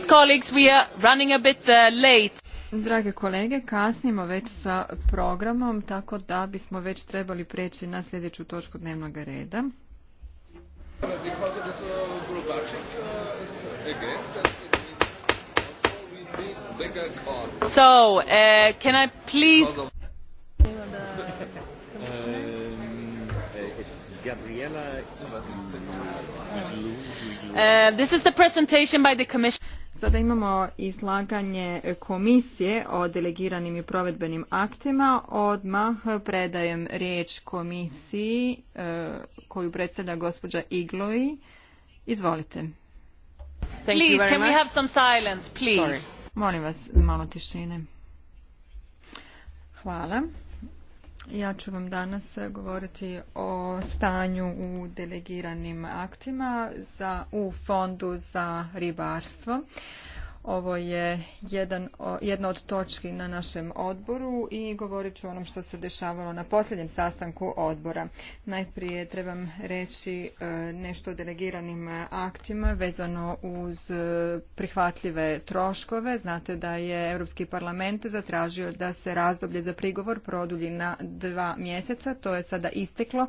colleagues, we are running a bit uh, late. Drage kolege, kasnimo već sa programom, tako da bismo već trebali preći na sljedeću točku dnevnog reda. So, uh, can I please... Uh, Gabriela uh, this is the presentation by the Commission. Sada imamo izlaganje komisije o delegiranim i provedbenim aktima. Odmah predajem riječ komisiji e, koju predstavlja gospođa Igloji. Izvolite. Molim vas, malo tišine. Hvala. Ja ću vam danas eh, govoriti o stanju u delegiranim aktima za, u Fondu za ribarstvo. Ovo je jedan, jedna od točki na našem odboru i govorit ću o onom što se dešavalo na posljednjem sastanku odbora. Najprije trebam reći e, nešto o delegiranim aktima vezano uz e, prihvatljive troškove. Znate da je Europski parlament zatražio da se razdoblje za prigovor produlji na dva mjeseca. To je sada isteklo.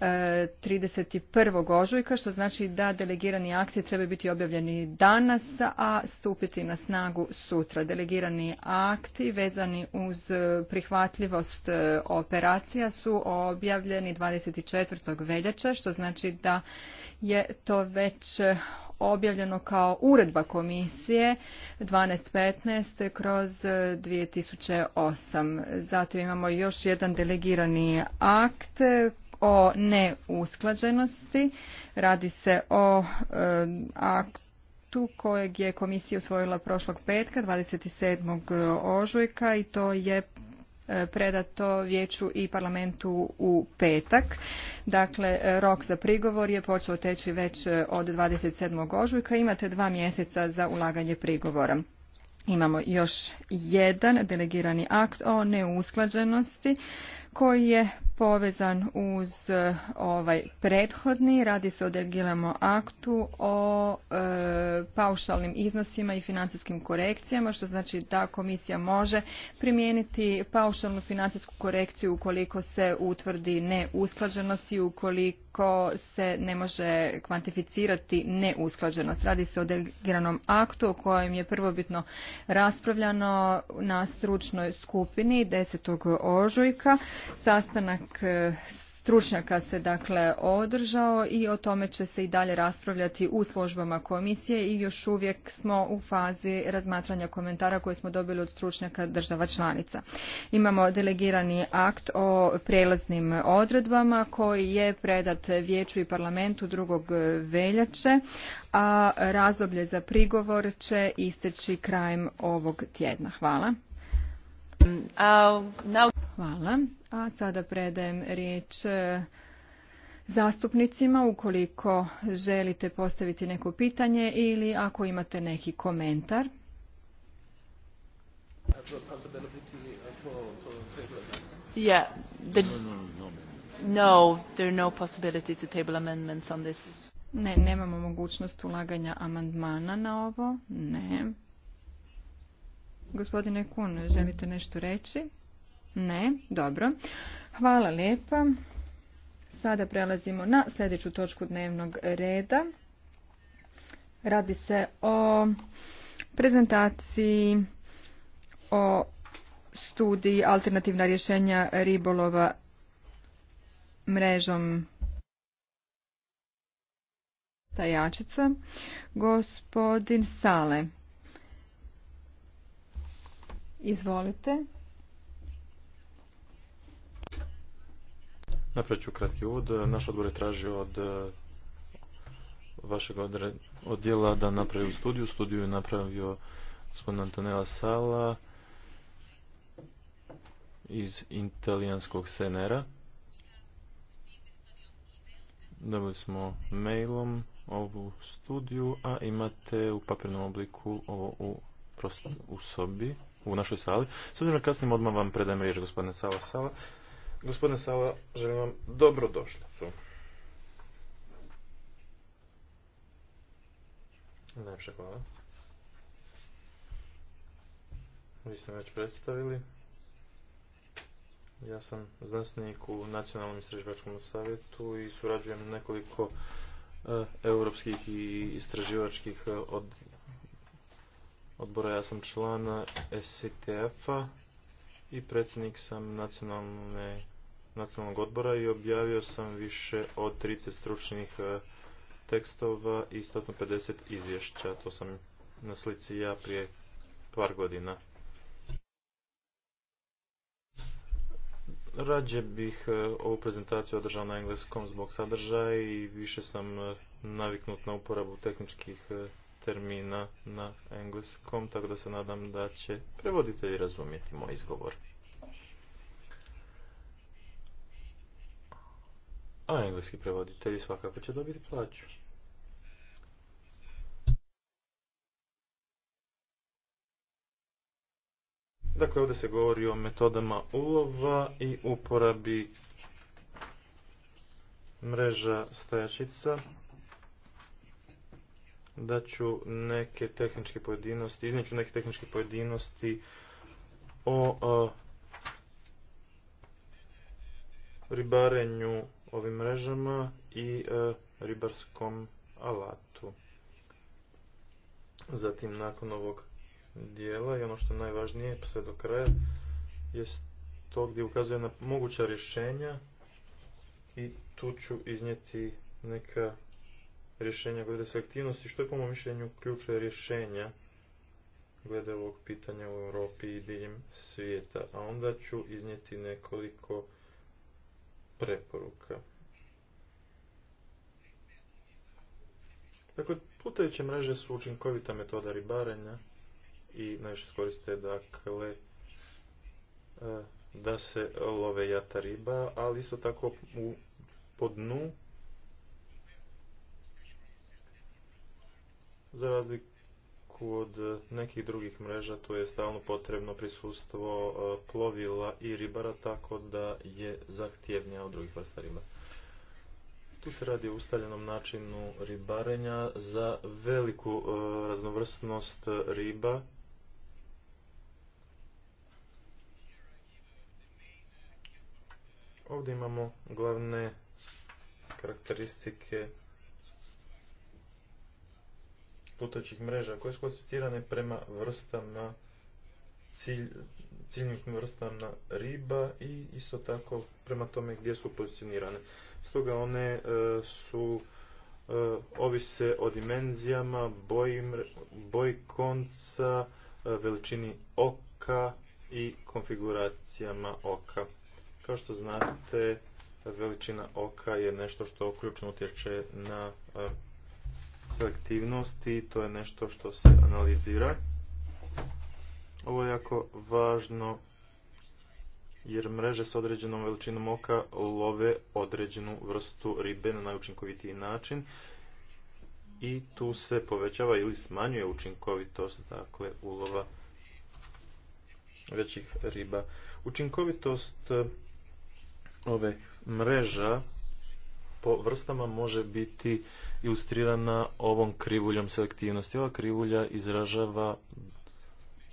31. ožujka, što znači da delegirani akti trebaju biti objavljeni danas, a stupiti na snagu sutra. Delegirani akti vezani uz prihvatljivost e, operacija su objavljeni 24. veljače, što znači da je to već objavljeno kao uredba komisije 1215 kroz 2008. Zatim imamo još jedan delegirani akt o neusklađenosti. Radi se o aktu kojeg je komisija usvojila prošlog petka, 27. ožujka i to je e, predato vijeću i parlamentu u petak. Dakle, rok za prigovor je počeo teći već e, od 27. ožujka. Imate dva mjeseca za ulaganje prigovora. Imamo još jedan delegirani akt o neusklađenosti koji je povezan uz e, ovaj prethodni. Radi se o delegiranom aktu o e, paušalnim iznosima i financijskim korekcijama, što znači da komisija može primijeniti paušalnu financijsku korekciju ukoliko se utvrdi neusklađenost i ukoliko se ne može kvantificirati neusklađenost. Radi se o delegiranom aktu o kojem je prvobitno raspravljano na stručnoj skupini 10. ožujka. Sastanak sastanak e, stručnjaka se dakle održao i o tome će se i dalje raspravljati u službama komisije i još uvijek smo u fazi razmatranja komentara koje smo dobili od stručnjaka država članica. Imamo delegirani akt o prijelaznim odredbama koji je predat vijeću i parlamentu 2. veljače, a razdoblje za prigovor će isteći krajem ovog tjedna. Hvala. Hvala. A sada predajem riječ e, zastupnicima ukoliko želite postaviti neko pitanje ili ako imate neki komentar. Ne, nemamo mogućnost ulaganja amandmana na ovo. Ne. Gospodine Kun, želite nešto reći? Ne, dobro. Hvala lijepa. Sada prelazimo na sljedeću točku dnevnog reda. Radi se o prezentaciji o studiji alternativna rješenja ribolova mrežom tajačica Gospodin Sale. Izvolite. Napravit ću kratki uvod. Naš odbor je tražio od eh, vašeg odjela da napravi studiju. Studiju je napravio gospodin Antonella Sala iz italijanskog senera. Dobili smo mailom ovu studiju, a imate u papirnom obliku ovo u, u sobi u našoj sali. S obzirom kasnim odmah vam predajem riječ gospodine Sala. Gospodine Sala, želim vam dobrodošlicu. Najpša hvala. Vi ste me već predstavili. Ja sam znanstvenik u Nacionalnom istraživačkom savjetu i surađujem nekoliko e, europskih i istraživačkih e, od, odbora, ja sam član SCTF-a i predsjednik sam nacionalnog odbora i objavio sam više od 30 stručnih e, tekstova i 150 izvješća. To sam na slici ja prije par godina. Rađe bih e, ovu prezentaciju održao na engleskom zbog sadržaja i više sam e, naviknut na uporabu tehničkih termina na engleskom, tako da se nadam da će prevoditelji razumjeti moj izgovor. A engleski prevoditelji svakako će dobiti plaću. Dakle, ovdje se govori o metodama ulova i uporabi mreža stajačica da ću neke tehničke pojedinosti, izneću neke tehničke pojedinosti o, ribarenju ovim mrežama i e, ribarskom alatu. Zatim nakon ovog dijela i ono što je najvažnije sve do kraja je to gdje ukazuje na moguća rješenja i tu ću iznijeti neka rješenja glede aktivnosti, što je po mom mišljenju ključe rješenja glede ovog pitanja u Europi i diljem svijeta, a onda ću iznijeti nekoliko preporuka. Dakle, plutajuće mreže su učinkovita metoda ribarenja i najviše skoriste dakle eh, da se love jata riba, ali isto tako u, po dnu Za razliku od eh, nekih drugih mreža tu je stalno potrebno prisustvo eh, plovila i ribara tako da je zahtjevnija od drugih vrsta riba. Tu se radi o ustaljenom načinu ribarenja za veliku eh, raznovrsnost riba. Ovdje imamo glavne karakteristike plutajućih mreža koje su klasificirane prema vrstama cilj, ciljnim vrstama riba i isto tako prema tome gdje su pozicionirane. Stoga one e, su e, ovise o dimenzijama, boji, boji konca, e, veličini oka i konfiguracijama oka. Kao što znate, veličina oka je nešto što ključno utječe na selektivnosti, to je nešto što se analizira. Ovo je jako važno jer mreže s određenom veličinom oka love određenu vrstu ribe na najučinkovitiji način i tu se povećava ili smanjuje učinkovitost dakle ulova većih riba. Učinkovitost e, ove mreža po vrstama može biti ilustrirana ovom krivuljom selektivnosti. Ova krivulja izražava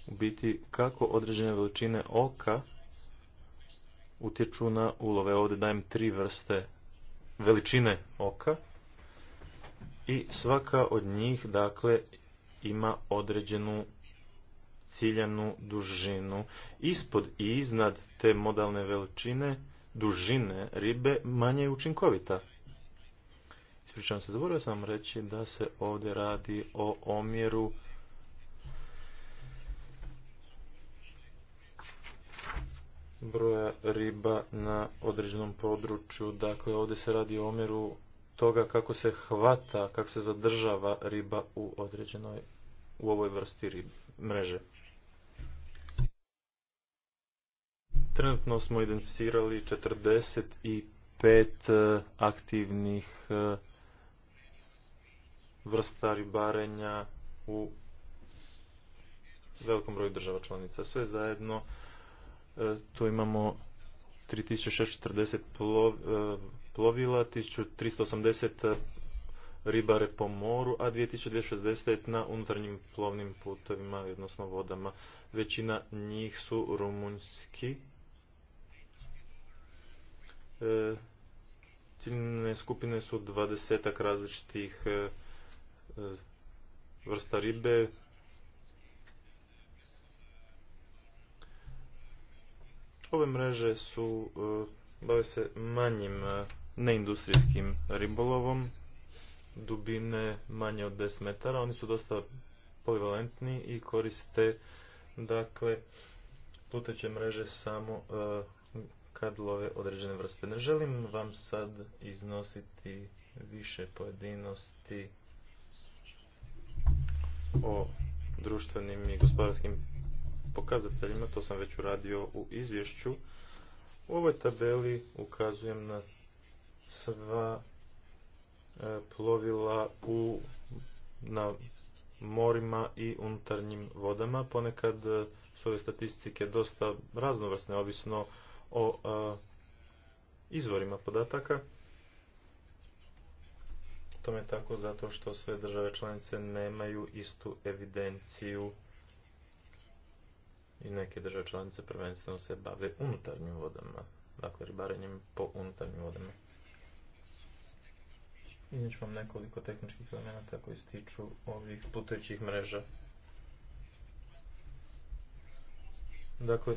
u biti kako određene veličine oka utječu na ulove. Ovdje dajem tri vrste veličine oka i svaka od njih dakle ima određenu ciljanu dužinu. Ispod i iznad te modalne veličine dužine ribe manje je učinkovita. Ispričavam se, zaboravio sam reći da se ovdje radi o omjeru broja riba na određenom području. Dakle, ovdje se radi o omjeru toga kako se hvata, kako se zadržava riba u određenoj, u ovoj vrsti mreže. Trenutno smo identificirali 45 eh, aktivnih eh, vrsta ribarenja u velikom broju država članica. Sve zajedno e, tu imamo 3640 e, plovila, 1380 ribare po moru, a 2260 na unutarnjim plovnim putovima, odnosno vodama. Većina njih su rumunjski. E, ciljne skupine su dvadesetak različitih E, vrsta ribe. Ove mreže su, e, bave se manjim e, neindustrijskim ribolovom, dubine manje od 10 metara, oni su dosta polivalentni i koriste dakle će mreže samo kad love određene vrste. Ne želim vam sad iznositi više pojedinosti o društvenim i gospodarskim pokazateljima, to sam već uradio u izvješću. U ovoj tabeli ukazujem na sva e, plovila u, na morima i unutarnjim vodama. Ponekad e, su ove statistike dosta raznovrsne, ovisno o e, izvorima podataka tome tako zato što sve države članice nemaju istu evidenciju i neke države članice prvenstveno se bave unutarnjim vodama, dakle ribarenjem po unutarnjim vodama. I ću vam nekoliko tehničkih elemenata koji se tiču ovih putećih mreža. Dakle,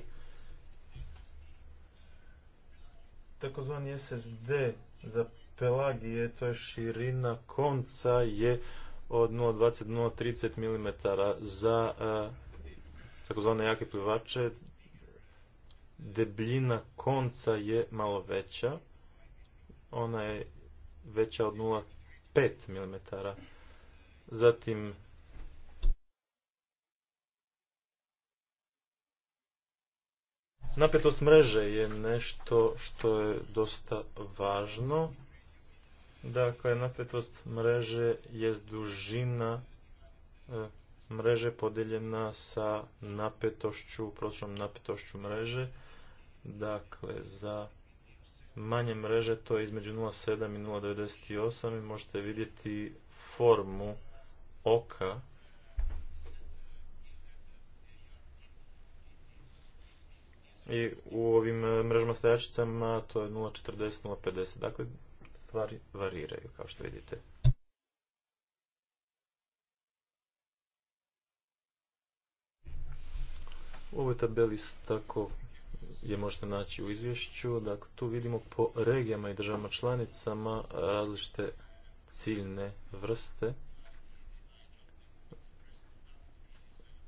takozvani SSD za pelagije, to je širina konca je od 0,20 0,30 mm za e, takozvane jake plivače. Debljina konca je malo veća, ona je veća od 0,5 mm. Zatim Napetost mreže je nešto što je dosta važno. Dakle, napetost mreže je dužina e, mreže podeljena sa napetošću, prosječnom napetošću mreže. Dakle, za manje mreže to je između 0,7 i 0,98 i možete vidjeti formu oka i u ovim mrežama stajačicama to je 0,40, 0,50. Dakle, stvari variraju, kao što vidite. U ovoj tabeli tako je možete naći u izvješću. Dakle, tu vidimo po regijama i državama članicama različite ciljne vrste.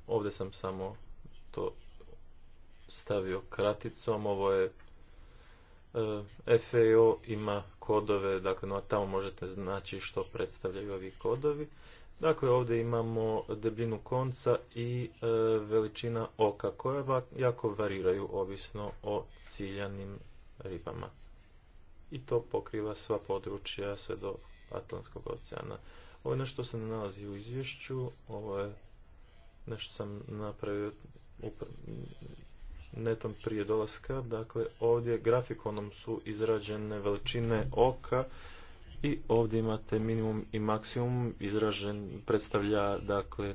Ovdje sam samo to stavio kraticom. Ovo je E, FAO e ima kodove, dakle, no, tamo možete znači što predstavljaju ovi kodovi. Dakle, ovdje imamo debljinu konca i e, veličina oka koje jako variraju ovisno o ciljanim ribama. I to pokriva sva područja sve do Atlantskog oceana. Ovo je nešto se nalazi u izvješću, ovo je nešto sam napravio netom prije dolaska. Dakle, ovdje grafikonom su izrađene veličine oka i ovdje imate minimum i maksimum izražen predstavlja dakle e,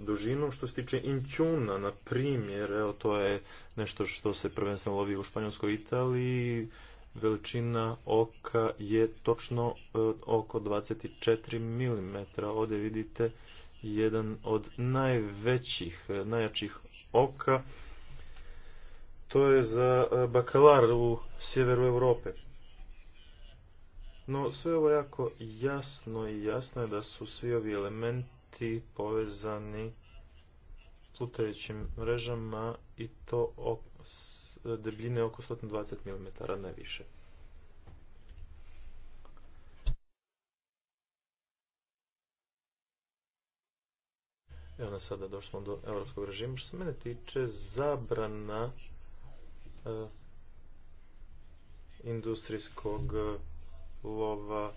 dužinu. Što se tiče inčuna, na primjer, evo, to je nešto što se prvenstveno lovi u Španjolskoj Italiji, veličina oka je točno e, oko 24 mm. Ovdje vidite jedan od najvećih, e, najjačih oka to je za e, bakalar u sjeveru Europe. No, sve ovo jako jasno i jasno je da su svi ovi elementi povezani plutajućim mrežama i to e, debljine oko 120 mm najviše. Evo nas sada došlo do europskog režima. Što se mene tiče, zabrana E, industrijskog e, lova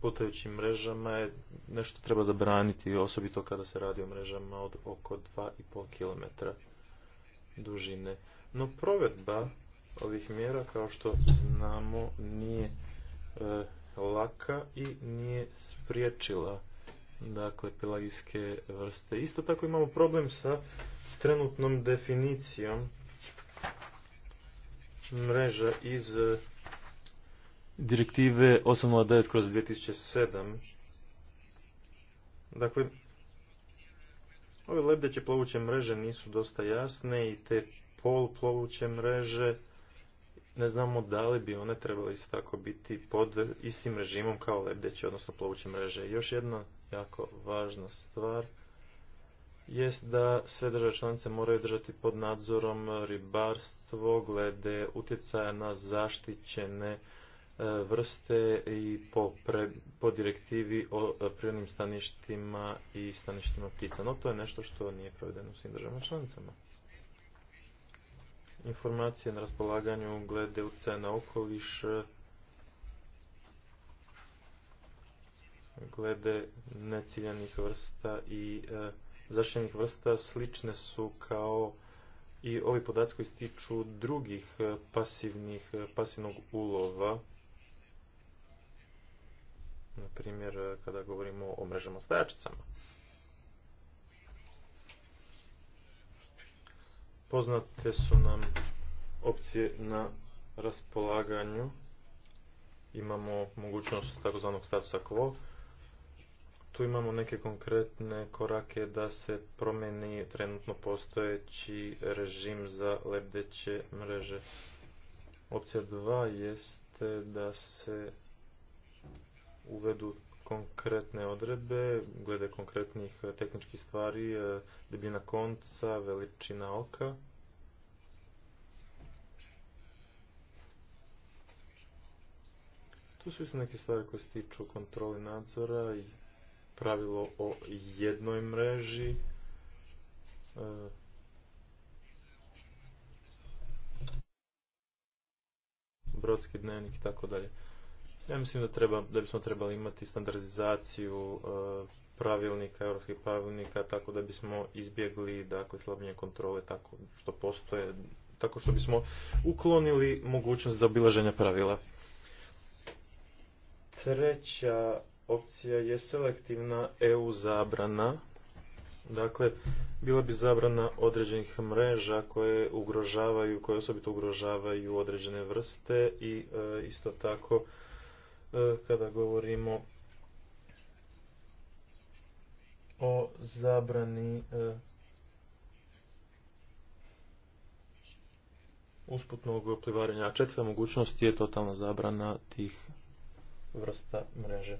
putajućim mrežama je nešto treba zabraniti, osobito kada se radi o mrežama od oko 2,5 km dužine. No provedba ovih mjera, kao što znamo, nije e, laka i nije spriječila dakle, pelagijske vrste. Isto tako imamo problem sa trenutnom definicijom mreža iz e, direktive 809 kroz 2007. Dakle, ove lebdeće plovuće mreže nisu dosta jasne i te pol plovuće mreže ne znamo da li bi one trebale isto tako biti pod istim režimom kao lebdeće, odnosno plovuće mreže. Još jedna jako važna stvar jest da sve države članice moraju držati pod nadzorom ribarstvo glede utjecaja na zaštićene e, vrste i po, po direktivi o e, prirodnim staništima i staništima ptica. No to je nešto što nije provedeno u svim državama članicama. Informacije na raspolaganju glede utjecaja na okoliš, e, glede neciljanih vrsta i zaštićenih vrsta slične su kao i ovi podaci koji stiču drugih e, pasivnih, e, pasivnog ulova. Na primjer, e, kada govorimo o mrežama stajačicama. Poznate su nam opcije na raspolaganju. Imamo mogućnost takozvanog statusa quo tu imamo neke konkretne korake da se promeni trenutno postojeći režim za lebdeće mreže. Opcija 2 jeste da se uvedu konkretne odredbe, glede konkretnih tehničkih stvari, e, debljina konca, veličina oka. Tu su isto neke stvari koje se tiču kontroli nadzora i pravilo o jednoj mreži. E, Brodski dnevnik i tako dalje. Ja mislim da, treba, da bismo trebali imati standardizaciju e, pravilnika, europskih pravilnika, tako da bismo izbjegli dakle, slabljenje kontrole tako što postoje, tako što bismo uklonili mogućnost obilaženje pravila. Treća opcija je selektivna EU zabrana. Dakle, bila bi zabrana određenih mreža koje ugrožavaju, koje osobito ugrožavaju određene vrste i e, isto tako e, kada govorimo o zabrani e, usputnog plivarenja. A četvrta mogućnost je totalna zabrana tih vrsta mreže.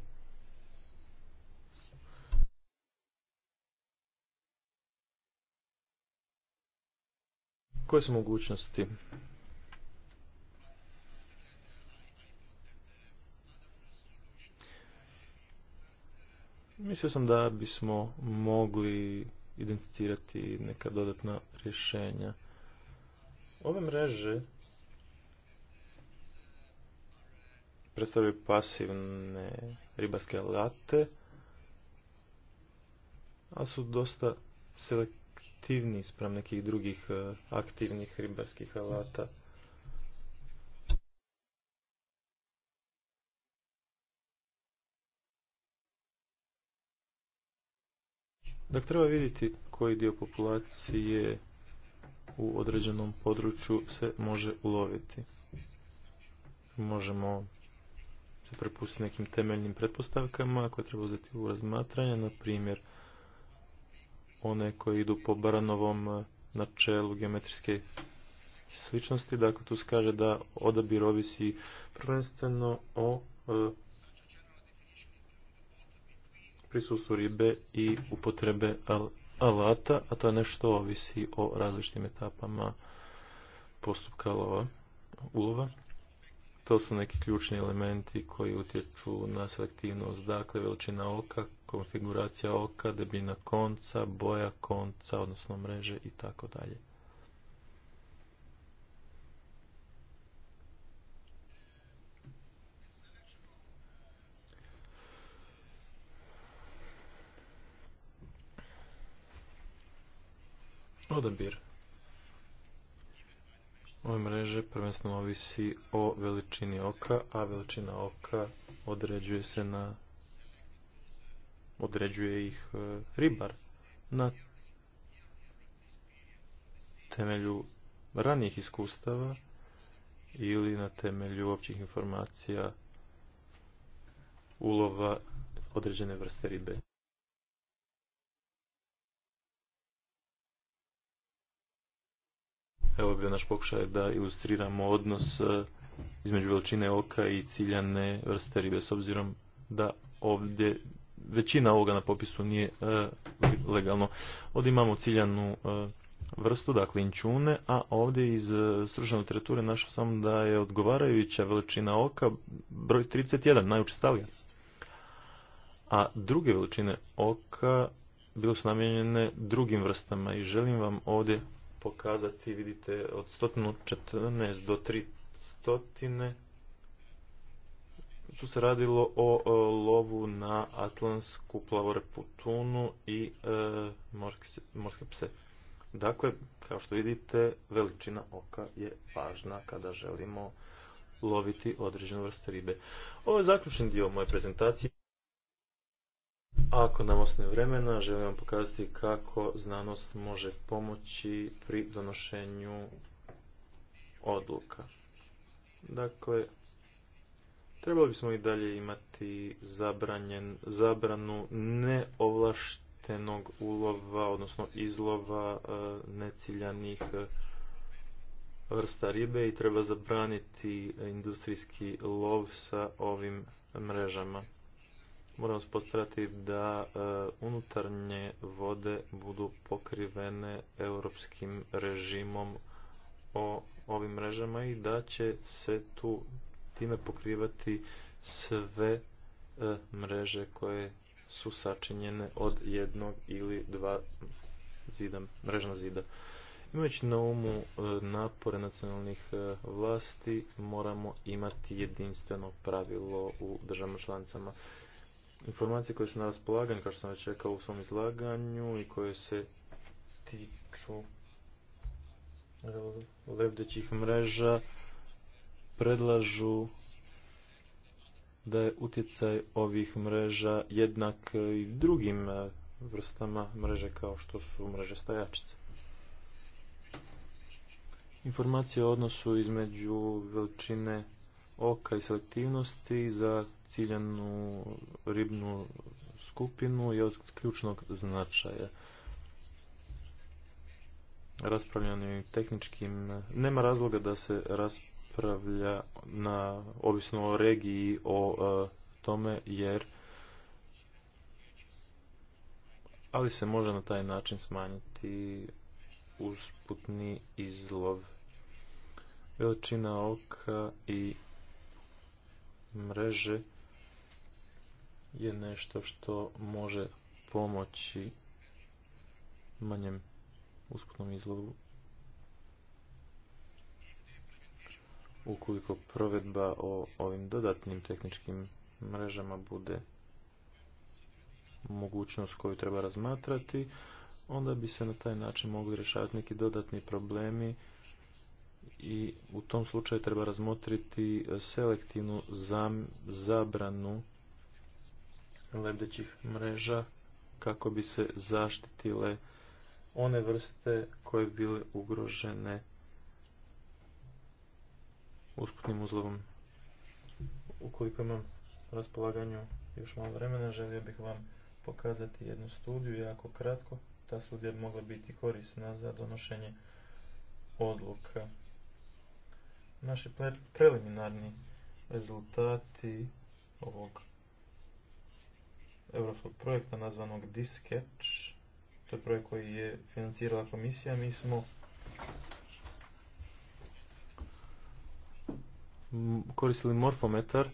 Koje su mogućnosti? Mislio sam da bismo mogli identificirati neka dodatna rješenja. Ove mreže predstavljaju pasivne ribarske alate, ali su dosta selektivne aktivni sprem nekih drugih e, aktivnih ribarskih alata. Dakle, treba vidjeti koji dio populacije u određenom području se može uloviti. Možemo se prepustiti nekim temeljnim pretpostavkama koje treba uzeti u razmatranje, na primjer one koji idu po Baranovom e, načelu geometrijske sličnosti. Dakle, tu se kaže da odabir ovisi prvenstveno o e, prisustvu ribe i upotrebe alata, a to je nešto ovisi o različitim etapama postupka lova, ulova. To su neki ključni elementi koji utječu na selektivnost, dakle veličina oka, konfiguracija oka, debina konca, boja konca, odnosno mreže i tako dalje. Odabir. Ove mreže prvenstveno ovisi o veličini oka, a veličina oka određuje se na određuje ih e, ribar na temelju ranijih iskustava ili na temelju općih informacija ulova određene vrste ribe. Evo bi naš pokušaj da ilustriramo odnos e, između veličine oka i ciljane vrste ribe s obzirom da ovdje većina ovoga na popisu nije e, legalno. Ovdje imamo ciljanu e, vrstu, dakle inčune, a ovdje iz e, stručne literature našao sam da je odgovarajuća veličina oka broj 31, najučestalija. A druge veličine oka bilo su namijenjene drugim vrstama i želim vam ovdje pokazati, vidite, od 114 do 300 tu se radilo o, lovu na plavore plavoreputunu i e, morske, morske pse. Dakle, kao što vidite, veličina oka je važna kada želimo loviti određenu vrstu ribe. Ovo je zaključen dio moje prezentacije. Ako nam ostane vremena, želim vam pokazati kako znanost može pomoći pri donošenju odluka. Dakle, Trebali bismo i dalje imati zabranjen, zabranu neovlaštenog ulova, odnosno izlova e, neciljanih e, vrsta ribe i treba zabraniti industrijski lov sa ovim mrežama. Moramo postarati da e, unutarnje vode budu pokrivene europskim režimom o ovim mrežama i da će se tu time pokrivati sve e, mreže koje su sačinjene od jednog ili dva zida, mrežna zida. Imajući na umu e, napore nacionalnih e, vlasti, moramo imati jedinstveno pravilo u državama članicama. Informacije koje su na raspolaganju, kao što sam već u svom izlaganju i koje se tiču lebdećih mreža, predlažu da je utjecaj ovih mreža jednak i drugim e, vrstama mreže kao što su mreže stajačice. Informacije o odnosu između veličine oka i selektivnosti za ciljanu ribnu skupinu je od ključnog značaja. Raspravljano tehničkim... Nema razloga da se raspravljamo raspravlja na, ovisno o regiji, o e, tome, jer ali se može na taj način smanjiti usputni izlov. Veličina oka i mreže je nešto što može pomoći manjem usputnom izlovu ukoliko provedba o ovim dodatnim tehničkim mrežama bude mogućnost koju treba razmatrati, onda bi se na taj način mogli rješavati neki dodatni problemi i u tom slučaju treba razmotriti selektivnu zabranu lebdećih mreža kako bi se zaštitile one vrste koje bile ugrožene usputnim uzlovom. Ukoliko imam raspolaganju još malo vremena, želio bih vam pokazati jednu studiju, jako kratko. Ta studija bi mogla biti korisna za donošenje odluka. Naši preliminarni rezultati ovog europskog projekta nazvanog Disketch, to je projekt koji je financirala komisija, mi smo koristili morfometar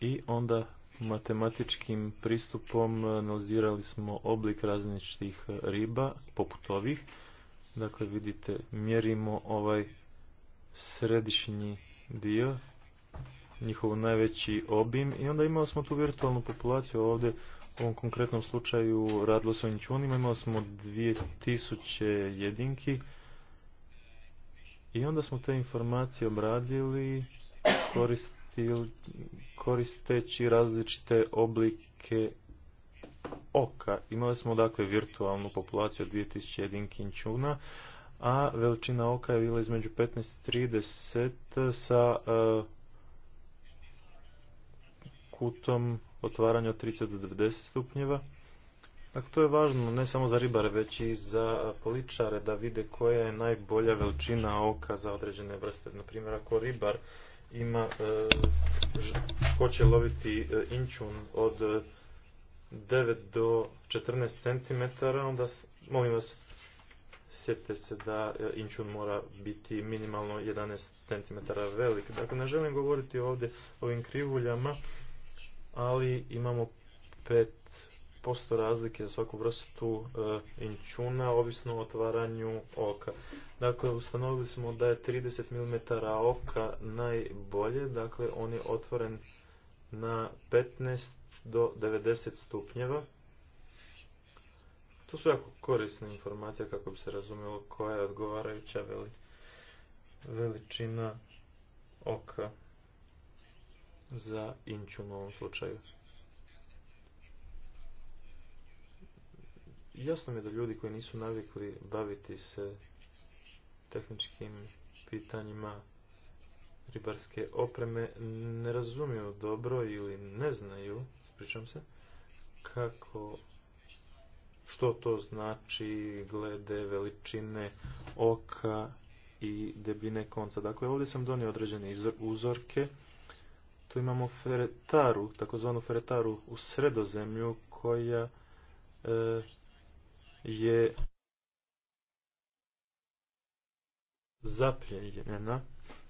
i onda matematičkim pristupom analizirali smo oblik različitih riba, poput ovih. Dakle, vidite, mjerimo ovaj središnji dio, njihov najveći obim i onda imali smo tu virtualnu populaciju ovdje u ovom konkretnom slučaju radilo se o inčunima, imali smo 2000 jedinki i onda smo te informacije obradili koristil, koristeći različite oblike oka. Imali smo dakle virtualnu populaciju od 2001 kinčuna, a veličina oka je bila između 15 i 30 sa uh, kutom otvaranja od 30 do 90 stupnjeva. Dakle, to je važno ne samo za ribare, već i za političare da vide koja je najbolja veličina oka za određene vrste. Na primjer, ako ribar ima, e, hoće loviti e, inčun od 9 e, do 14 cm, onda molim vas, sjetite se da e, inčun mora biti minimalno 11 cm velik. Dakle, ne želim govoriti ovdje o ovim krivuljama, ali imamo pet posto razlike za svaku vrstu e, inčuna, ovisno o otvaranju oka. Dakle, ustanovili smo da je 30 mm oka najbolje, dakle on je otvoren na 15 do 90 stupnjeva. To su jako korisne informacije kako bi se razumjelo koja je odgovarajuća veličina oka za inčun u ovom slučaju. Jasno mi je da ljudi koji nisu navikli baviti se tehničkim pitanjima ribarske opreme ne razumiju dobro ili ne znaju, pričam se, kako što to znači glede veličine oka i debine konca. Dakle, ovdje sam donio određene uzorke. Tu imamo feretaru, takozvanu feretaru u sredozemlju koja e, je zapljenjena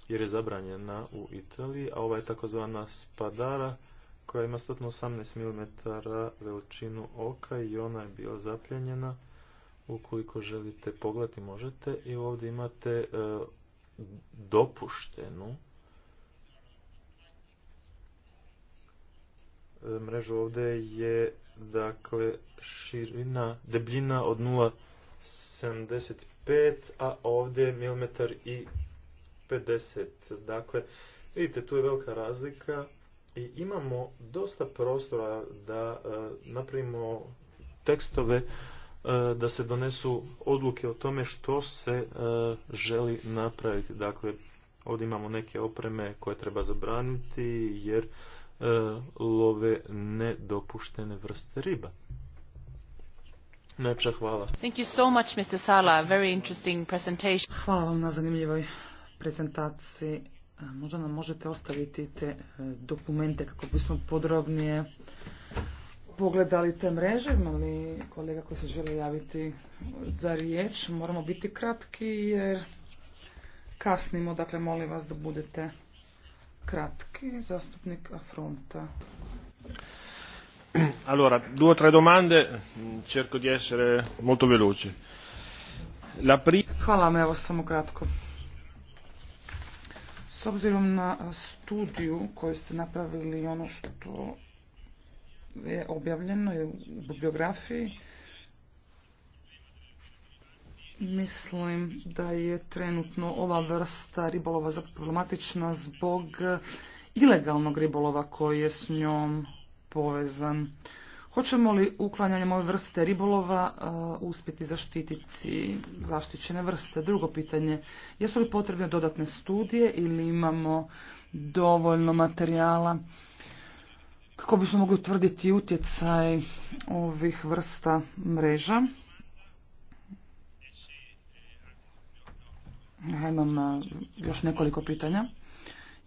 jer je zabranjena u Italiji, a ova je takozvana spadara koja ima 118 mm veličinu oka i ona je bila zapljenjena. Ukoliko želite pogledati možete i ovdje imate e, dopuštenu mrežu ovdje je dakle širina, debljina od 0,75, a ovdje milimetar i 50. Dakle, vidite, tu je velika razlika i imamo dosta prostora da e, napravimo tekstove e, da se donesu odluke o tome što se e, želi napraviti. Dakle, ovdje imamo neke opreme koje treba zabraniti jer E, love nedopuštene vrste riba. Najpša hvala. Thank you so much, Mr. Sala. Very interesting presentation. Hvala vam na zanimljivoj prezentaciji. E, možda nam možete ostaviti te e, dokumente kako bismo podrobnije pogledali te mreže. Mali kolega koji se želi javiti za riječ. Moramo biti kratki jer kasnimo, dakle molim vas da budete kratki, zastupnik Afronta. Allora, due o tre domande, cerco di essere molto veloce. La pri... Hvala vam, evo samo kratko. S obzirom na studiju koju ste napravili i ono što je objavljeno je u bibliografiji, Mislim da je trenutno ova vrsta ribolova problematična zbog e, ilegalnog ribolova koji je s njom povezan. Hoćemo li uklanjanjem ove vrste ribolova e, uspjeti zaštititi zaštićene vrste? Drugo pitanje, jesu li potrebne dodatne studije ili imamo dovoljno materijala kako bismo mogli utvrditi utjecaj ovih vrsta mreža? Ja imam još nekoliko pitanja.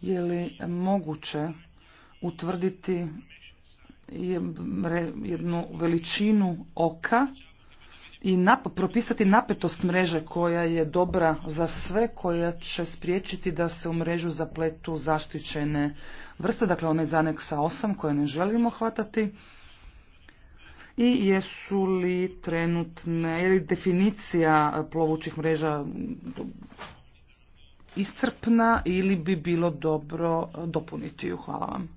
Je li moguće utvrditi jednu veličinu oka i nap propisati napetost mreže koja je dobra za sve, koja će spriječiti da se u mrežu zapletu zaštićene vrste, dakle one iz aneksa 8 koje ne želimo hvatati i jesu li trenutne, je li definicija plovućih mreža iscrpna ili bi bilo dobro dopuniti ju? Hvala vam.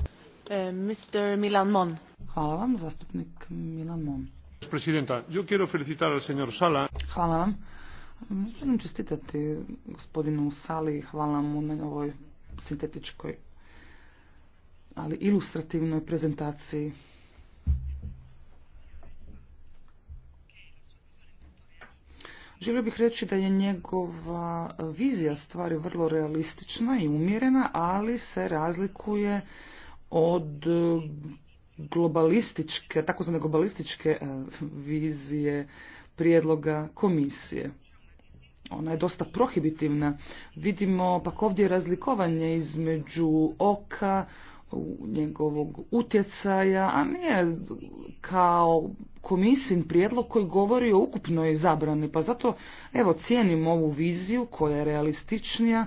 E, Mr. Milan Mon. Hvala vam, zastupnik Milan Mon. Presidenta, quiero felicitar al señor Sala. Hvala vam. Želim čestitati gospodinu Sali, hvala mu na ovoj sintetičkoj, ali ilustrativnoj prezentaciji. Želio bih reći da je njegova vizija stvari vrlo realistična i umjerena, ali se razlikuje od globalističke, takozvane globalističke e, vizije prijedloga komisije. Ona je dosta prohibitivna. Vidimo pak ovdje razlikovanje između oka, njegovog utjecaja, a nije kao komisin prijedlog koji govori o ukupnoj zabrani. Pa zato, evo, cijenim ovu viziju koja je realističnija,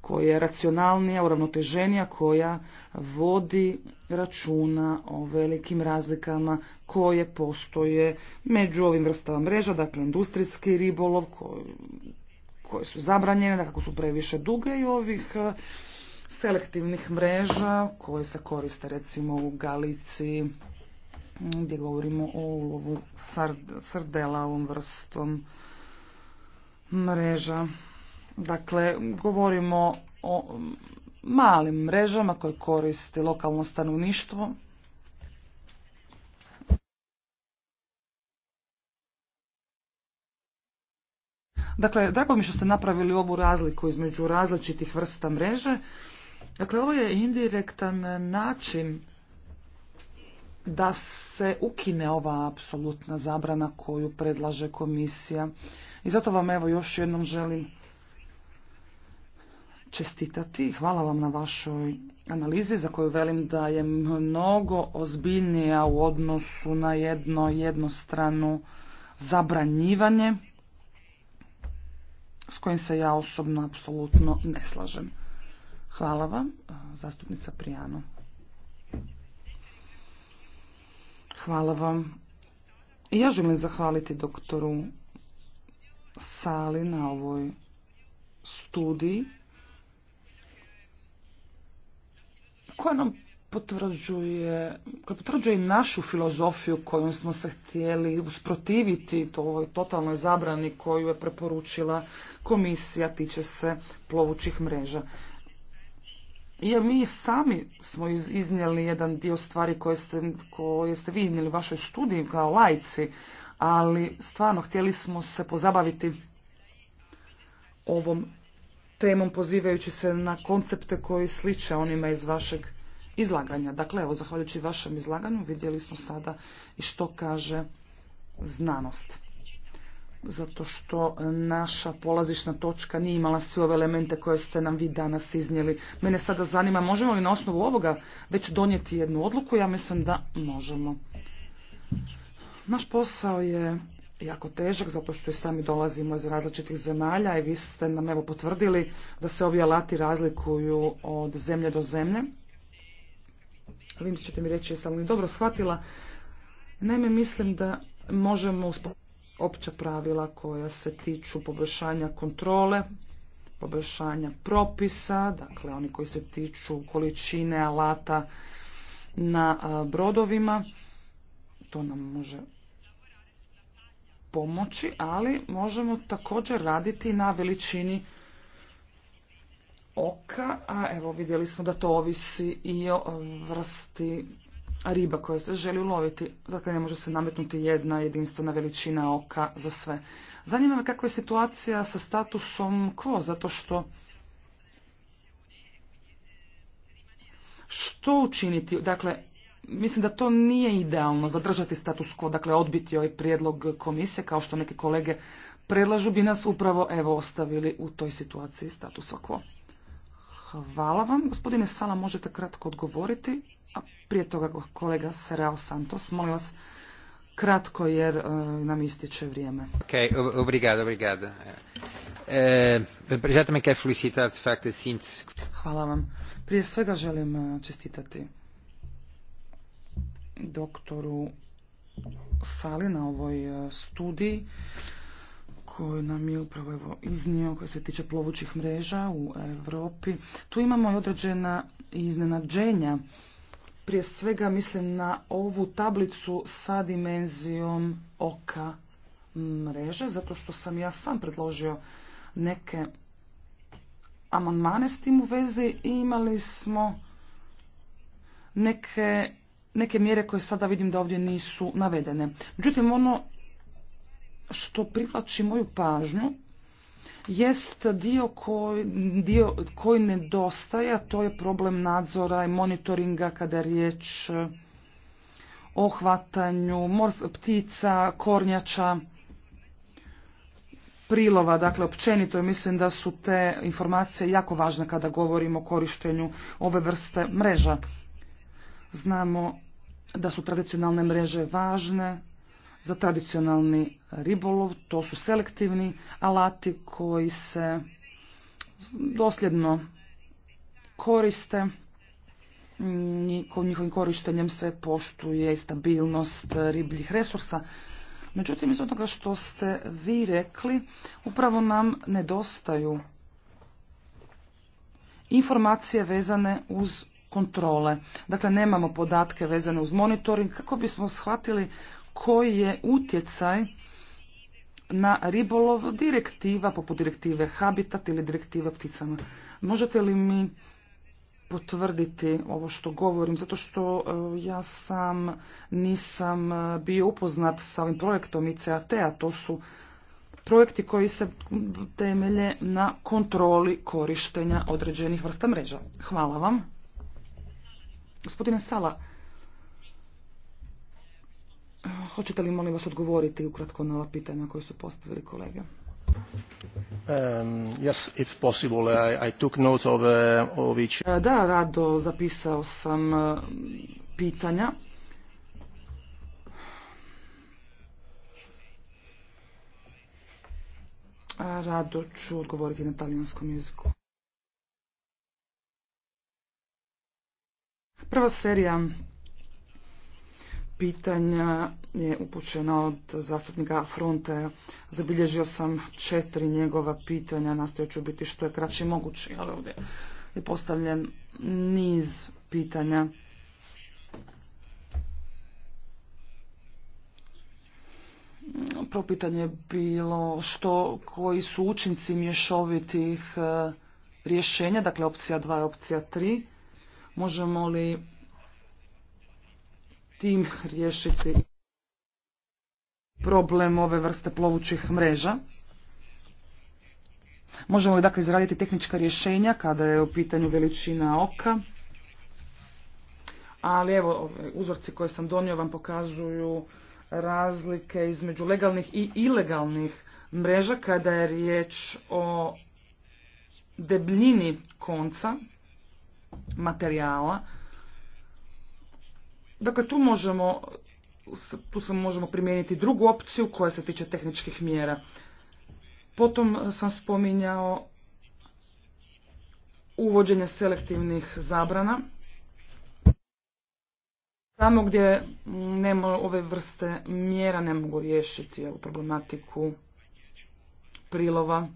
koja je racionalnija, uravnoteženija, koja vodi računa o velikim razlikama koje postoje među ovim vrstama mreža, dakle industrijski ribolov koji, koje su zabranjene, kako su previše duge i ovih selektivnih mreža koje se koriste recimo u Galiciji mm, gdje govorimo o ulovu srdela ovom vrstom mreža. Dakle, govorimo o mm, malim mrežama koje koristi lokalno stanovništvo. Dakle, drago mi što ste napravili ovu razliku između različitih vrsta mreže. Dakle, ovo je indirektan način da se ukine ova apsolutna zabrana koju predlaže komisija. I zato vam evo još jednom želim čestitati. Hvala vam na vašoj analizi za koju velim da je mnogo ozbiljnija u odnosu na jedno stranu zabranjivanje s kojim se ja osobno apsolutno ne slažem. Hvala vam, e, zastupnica Prijano. Hvala vam. Ja želim zahvaliti doktoru Sali na ovoj studiji koja nam potvrđuje, koja potvrđuje našu filozofiju kojom smo se htjeli usprotiviti to ovoj totalnoj zabrani koju je preporučila komisija tiče se plovućih mreža jer mi sami smo iznijeli jedan dio stvari koje ste, koje ste vi iznijeli u vašoj studiji kao lajci, ali stvarno htjeli smo se pozabaviti ovom temom pozivajući se na koncepte koji sliče onima iz vašeg izlaganja. Dakle, evo, zahvaljujući vašem izlaganju vidjeli smo sada i što kaže znanost zato što naša polazišna točka nije imala sve ove elemente koje ste nam vi danas iznijeli. Mene sada zanima, možemo li na osnovu ovoga već donijeti jednu odluku? Ja mislim da možemo. Naš posao je jako težak zato što i sami dolazimo iz različitih zemalja i vi ste nam evo potvrdili da se ovi alati razlikuju od zemlje do zemlje. Vi ćete mi reći jesam li dobro shvatila. Naime, mislim da možemo opća pravila koja se tiču poboljšanja kontrole, poboljšanja propisa, dakle oni koji se tiču količine alata na brodovima. To nam može pomoći, ali možemo također raditi na veličini oka, a evo vidjeli smo da to ovisi i o vrsti riba koja se želi uloviti. Dakle, ne može se nametnuti jedna jedinstvena veličina oka za sve. Zanima me kakva je situacija sa statusom quo, zato što što učiniti? Dakle, mislim da to nije idealno zadržati status quo, dakle odbiti ovaj prijedlog komisije kao što neke kolege predlažu bi nas upravo evo ostavili u toj situaciji statusa quo. Hvala vam. Gospodine Sala, možete kratko odgovoriti, a prije toga kolega Serao Santos. Molim vas kratko jer e, nam ističe vrijeme. Ok, obrigado, obrigado. E, e, sinci? Hvala vam. Prije svega želim čestitati doktoru Sali na ovoj studiji koju nam je upravo evo iznio koja se tiče plovućih mreža u Europi. Tu imamo i određena iznenađenja. Prije svega mislim na ovu tablicu sa dimenzijom oka mreže, zato što sam ja sam predložio neke amandmane s tim u vezi i imali smo neke, neke mjere koje sada vidim da ovdje nisu navedene. Međutim, ono što privlači moju pažnju jest dio koji, dio koji nedostaje, a to je problem nadzora i monitoringa kada je riječ eh, o hvatanju ptica, kornjača, prilova, dakle općenito mislim da su te informacije jako važne kada govorimo o korištenju ove vrste mreža. Znamo da su tradicionalne mreže važne, za tradicionalni ribolov. To su selektivni alati koji se dosljedno koriste. Njihovim korištenjem se poštuje i stabilnost ribljih resursa. Međutim, iz onoga što ste vi rekli, upravo nam nedostaju informacije vezane uz kontrole. Dakle, nemamo podatke vezane uz monitoring kako bismo shvatili koji je utjecaj na ribolov direktiva, poput direktive Habitat ili direktive pticama. Možete li mi potvrditi ovo što govorim, zato što e, ja sam nisam e, bio upoznat sa ovim projektom ICAT-a, to su projekti koji se temelje na kontroli korištenja određenih vrsta mreža. Hvala vam. Gospodine Sala, Hoćete li molim vas odgovoriti ukratko na ova pitanja koje su postavili kolege? Um, yes, if possible, I, uh, e, Da, rado zapisao sam e, pitanja. rado ću odgovoriti na talijanskom jeziku. Prva serija pitanja je upućena od zastupnika Fronte. Zabilježio sam četiri njegova pitanja, nastoje ću biti što je kraće moguće, ali ovdje je postavljen niz pitanja. Prvo pitanje je bilo što, koji su učinci mješovitih eh, rješenja, dakle opcija 2 i opcija 3. Možemo li tim riješiti problem ove vrste plovućih mreža. Možemo dakle izraditi tehnička rješenja kada je u pitanju veličina oka. Ali evo, uzorci koje sam donio vam pokazuju razlike između legalnih i ilegalnih mreža kada je riječ o debljini konca materijala Dakle, tu možemo, tu se možemo primijeniti drugu opciju koja se tiče tehničkih mjera. Potom sam spominjao uvođenje selektivnih zabrana. Tamo gdje nema ove vrste mjera ne mogu riješiti ovu problematiku prilova,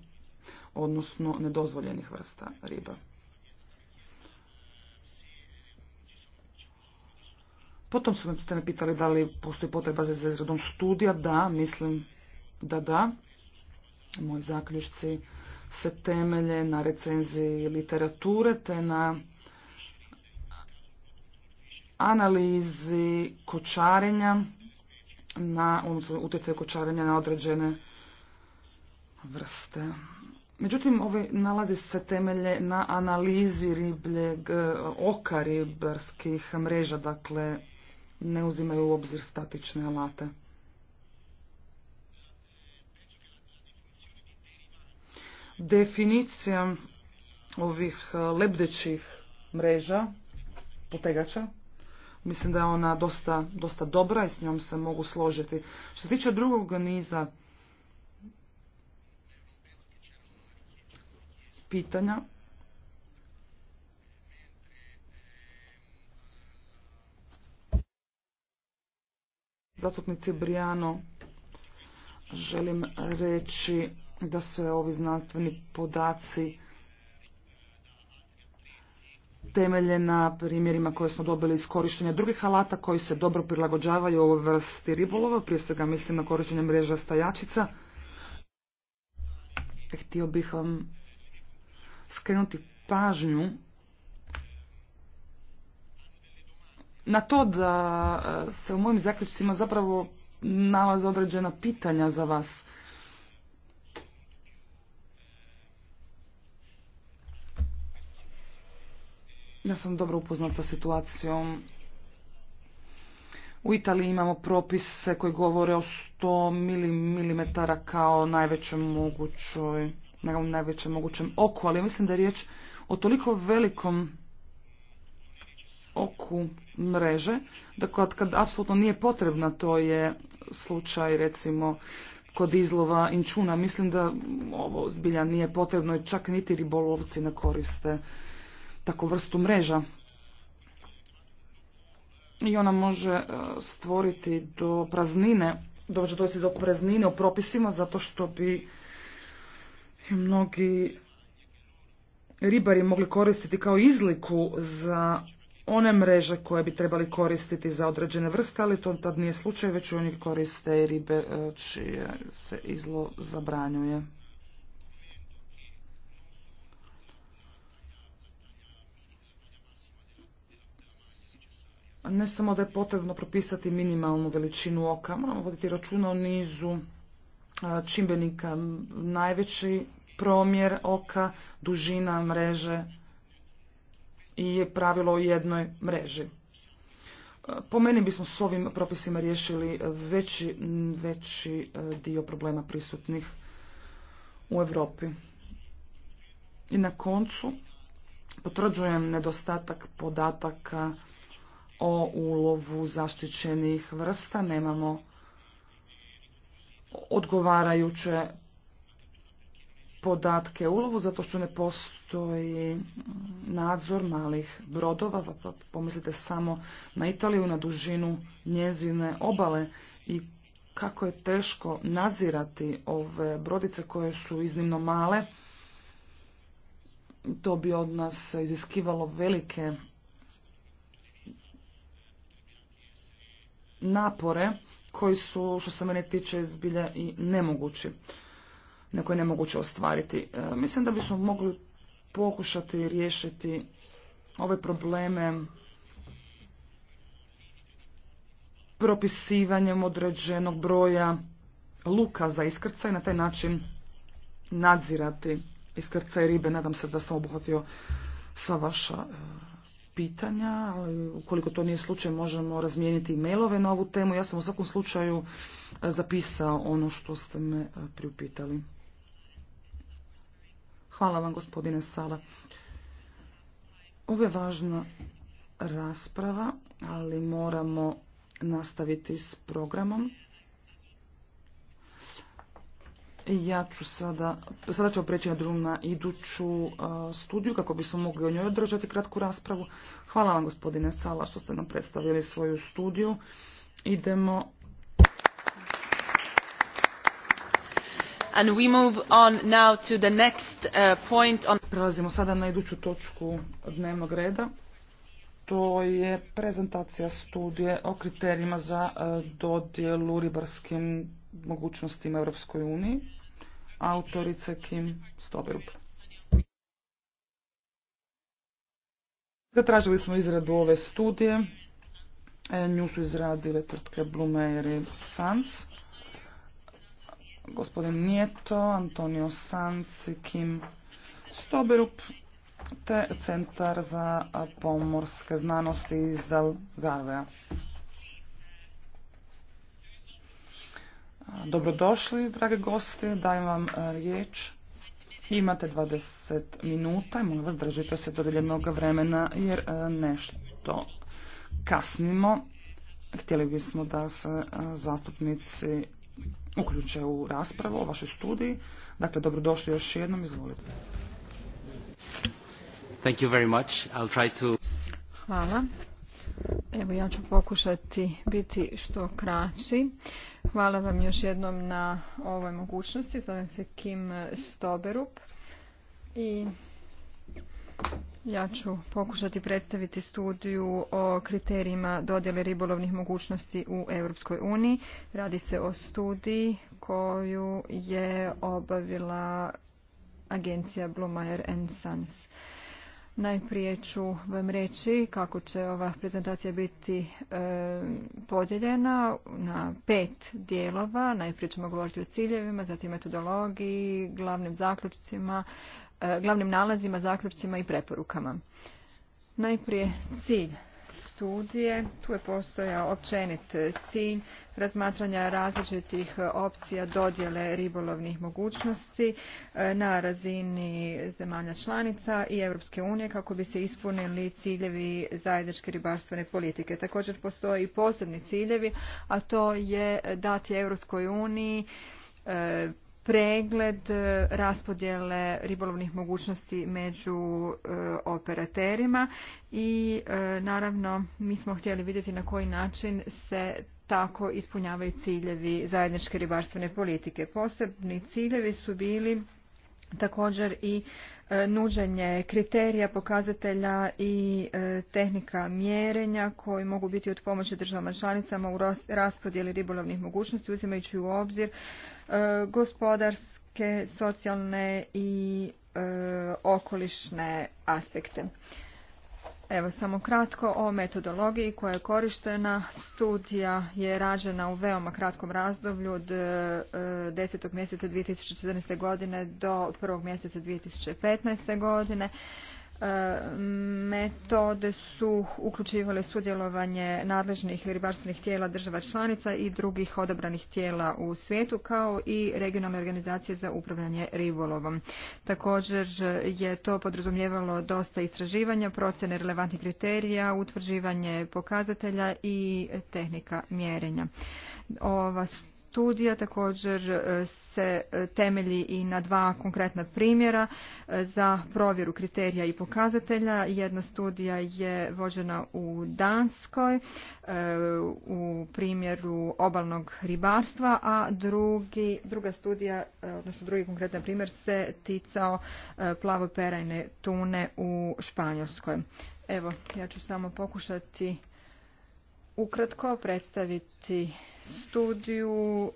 odnosno nedozvoljenih vrsta riba. Potom ste me pitali da li postoji potreba za izradom studija. Da, mislim da da. Moji zaključci se temelje na recenziji literature te na analizi kočarenja na odnosno utjecaj kočarenja na određene vrste. Međutim, ovi ovaj nalazi se temelje na analizi ribljeg e, oka ribarskih mreža, dakle ne uzimaju u obzir statične alate. Definicija ovih e, lebdećih mreža, potegača, mislim da je ona dosta, dosta dobra i s njom se mogu složiti. Što se tiče drugog niza pitanja, Zastupnici Brijano, želim reći da se ovi znanstveni podaci temelje na primjerima koje smo dobili iz korištenja drugih alata koji se dobro prilagođavaju ovoj vrsti ribolova, prije svega mislim na korištenje mreža stajačica. Htio bih vam skrenuti pažnju na to da e, se u mojim zaključcima zapravo nalaze određena pitanja za vas. Ja sam dobro upoznata situacijom. U Italiji imamo propise koji govore o 100 milimetara kao najvećem mogućoj, najvećem mogućem oku, ali mislim da je riječ o toliko velikom oku mreže, dakle kad apsolutno nije potrebna, to je slučaj recimo kod izlova inčuna. Mislim da ovo zbilja nije potrebno i čak niti ribolovci ne koriste takvu vrstu mreža. I ona može e, stvoriti do praznine, dođe doći do praznine u propisima zato što bi mnogi ribari mogli koristiti kao izliku za one mreže koje bi trebali koristiti za određene vrste, ali to tad nije slučaj, već oni koriste i ribe e, čije se izlo zabranjuje. Ne samo da je potrebno propisati minimalnu veličinu oka, moramo voditi računa o nizu e, čimbenika. Najveći promjer oka, dužina mreže, i pravilo o jednoj mreži. Po meni bismo s ovim propisima riješili veći, veći e, dio problema prisutnih u Europi. I na koncu potvrđujem nedostatak podataka o ulovu zaštićenih vrsta. Nemamo odgovarajuće podatke ulovu zato što ne postoji je nadzor malih brodova, pa pomislite samo na Italiju, na dužinu njezine obale i kako je teško nadzirati ove brodice koje su iznimno male. To bi od nas iziskivalo velike napore koji su, što se mene tiče, zbilja i nemogući neko je nemoguće ostvariti. E, mislim da bismo mogli pokušati riješiti ove probleme propisivanjem određenog broja luka za iskrcaj, na taj način nadzirati iskrcaj ribe. Nadam se da sam obuhvatio sva vaša e, pitanja. Ukoliko to nije slučaj, možemo razmijeniti mailove na ovu temu. Ja sam u svakom slučaju e, zapisao ono što ste me e, priupitali. Hvala vam gospodine Sala. Ovo je važna rasprava, ali moramo nastaviti s programom. Ja ću sada, sada ću preći na na iduću uh, studiju kako bismo mogli o njoj održati kratku raspravu. Hvala vam gospodine Sala što ste nam predstavili svoju studiju. Idemo Prelazimo sada na iduću točku dnevnog reda. To je prezentacija studije o kriterijima za e, dodjelu ribarskim mogućnostima Europskoj uniji. Autorice Kim Stoberup. Zatražili smo izradu ove studije. E, nju su izradile tvrtke Blumeyer i Sanz gospodin Njeto, Antonio Sanci, Kim Stoberup, te Centar za pomorske znanosti iz Algarvea. Dobrodošli, dragi gosti, dajem vam e, riječ. Imate 20 minuta i molim vas držite se dodeljenog vremena jer e, nešto kasnimo. Htjeli bismo da se e, zastupnici uključe u raspravu o vašoj studiji. Dakle, dobrodošli još jednom, izvolite. Thank you very much. I'll try to... Hvala. Evo ja ću pokušati biti što kraći. Hvala vam još jednom na ovoj mogućnosti. Zovem se Kim Stoberup i ja ću pokušati predstaviti studiju o kriterijima dodjele ribolovnih mogućnosti u Europskoj uniji. Radi se o studiji koju je obavila agencija Blumeyer Sons. Najprije ću vam reći kako će ova prezentacija biti e, podijeljena na pet dijelova. Najprije ćemo govoriti o ciljevima, zatim metodologiji, glavnim zaključcima, E, glavnim nalazima, zaključcima i preporukama. Najprije cilj studije. Tu je postojao općenit cilj razmatranja različitih opcija dodjele ribolovnih mogućnosti e, na razini zemalja članica i Europske unije kako bi se ispunili ciljevi zajedničke ribarstvene politike. Također postoje i posebni ciljevi, a to je dati Europskoj uniji e, pregled e, raspodjele ribolovnih mogućnosti među e, operaterima i e, naravno mi smo htjeli vidjeti na koji način se tako ispunjavaju ciljevi zajedničke ribarstvene politike. Posebni ciljevi su bili također i e, nuđenje kriterija, pokazatelja i e, tehnika mjerenja koji mogu biti od pomoći državama članicama u raspodjeli ribolovnih mogućnosti uzimajući u obzir e, gospodarske, socijalne i okolišne aspekte. Evo samo kratko o metodologiji koja je korištena. Studija je rađena u veoma kratkom razdoblju od 10. E, mjeseca 2014. godine do 1. mjeseca 2015. godine metode su uključivale sudjelovanje nadležnih ribarstvenih tijela država članica i drugih odabranih tijela u svijetu kao i regionalne organizacije za upravljanje ribolovom. Također je to podrazumijevalo dosta istraživanja, procjene relevantnih kriterija, utvrđivanje pokazatelja i tehnika mjerenja. Ova studija također e, se e, temelji i na dva konkretna primjera e, za provjeru kriterija i pokazatelja. Jedna studija je vođena u Danskoj u primjeru obalnog ribarstva, a drugi, druga studija, odnosno drugi konkretan primjer se ticao perajne tune u Španjolskoj. Evo, ja ću samo pokušati ukratko predstaviti studiju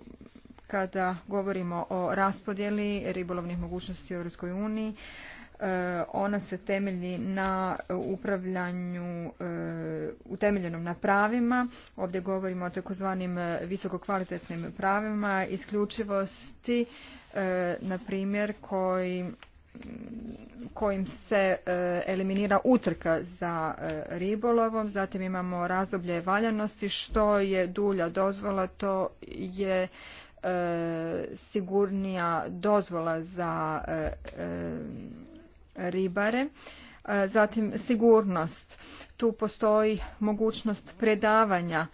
kada govorimo o raspodjeli ribolovnih mogućnosti u Europskoj uniji. E, ona se temelji na upravljanju e, utemeljenom na pravima. Ovdje govorimo o takozvanim visokokvalitetnim pravima, isključivosti, e, na primjer, koji kojim se e, eliminira utrka za e, ribolovom. Zatim imamo razdoblje valjanosti. Što je dulja dozvola, to je e, sigurnija dozvola za ribare. Zatim sigurnost. Tu postoji mogućnost predavanja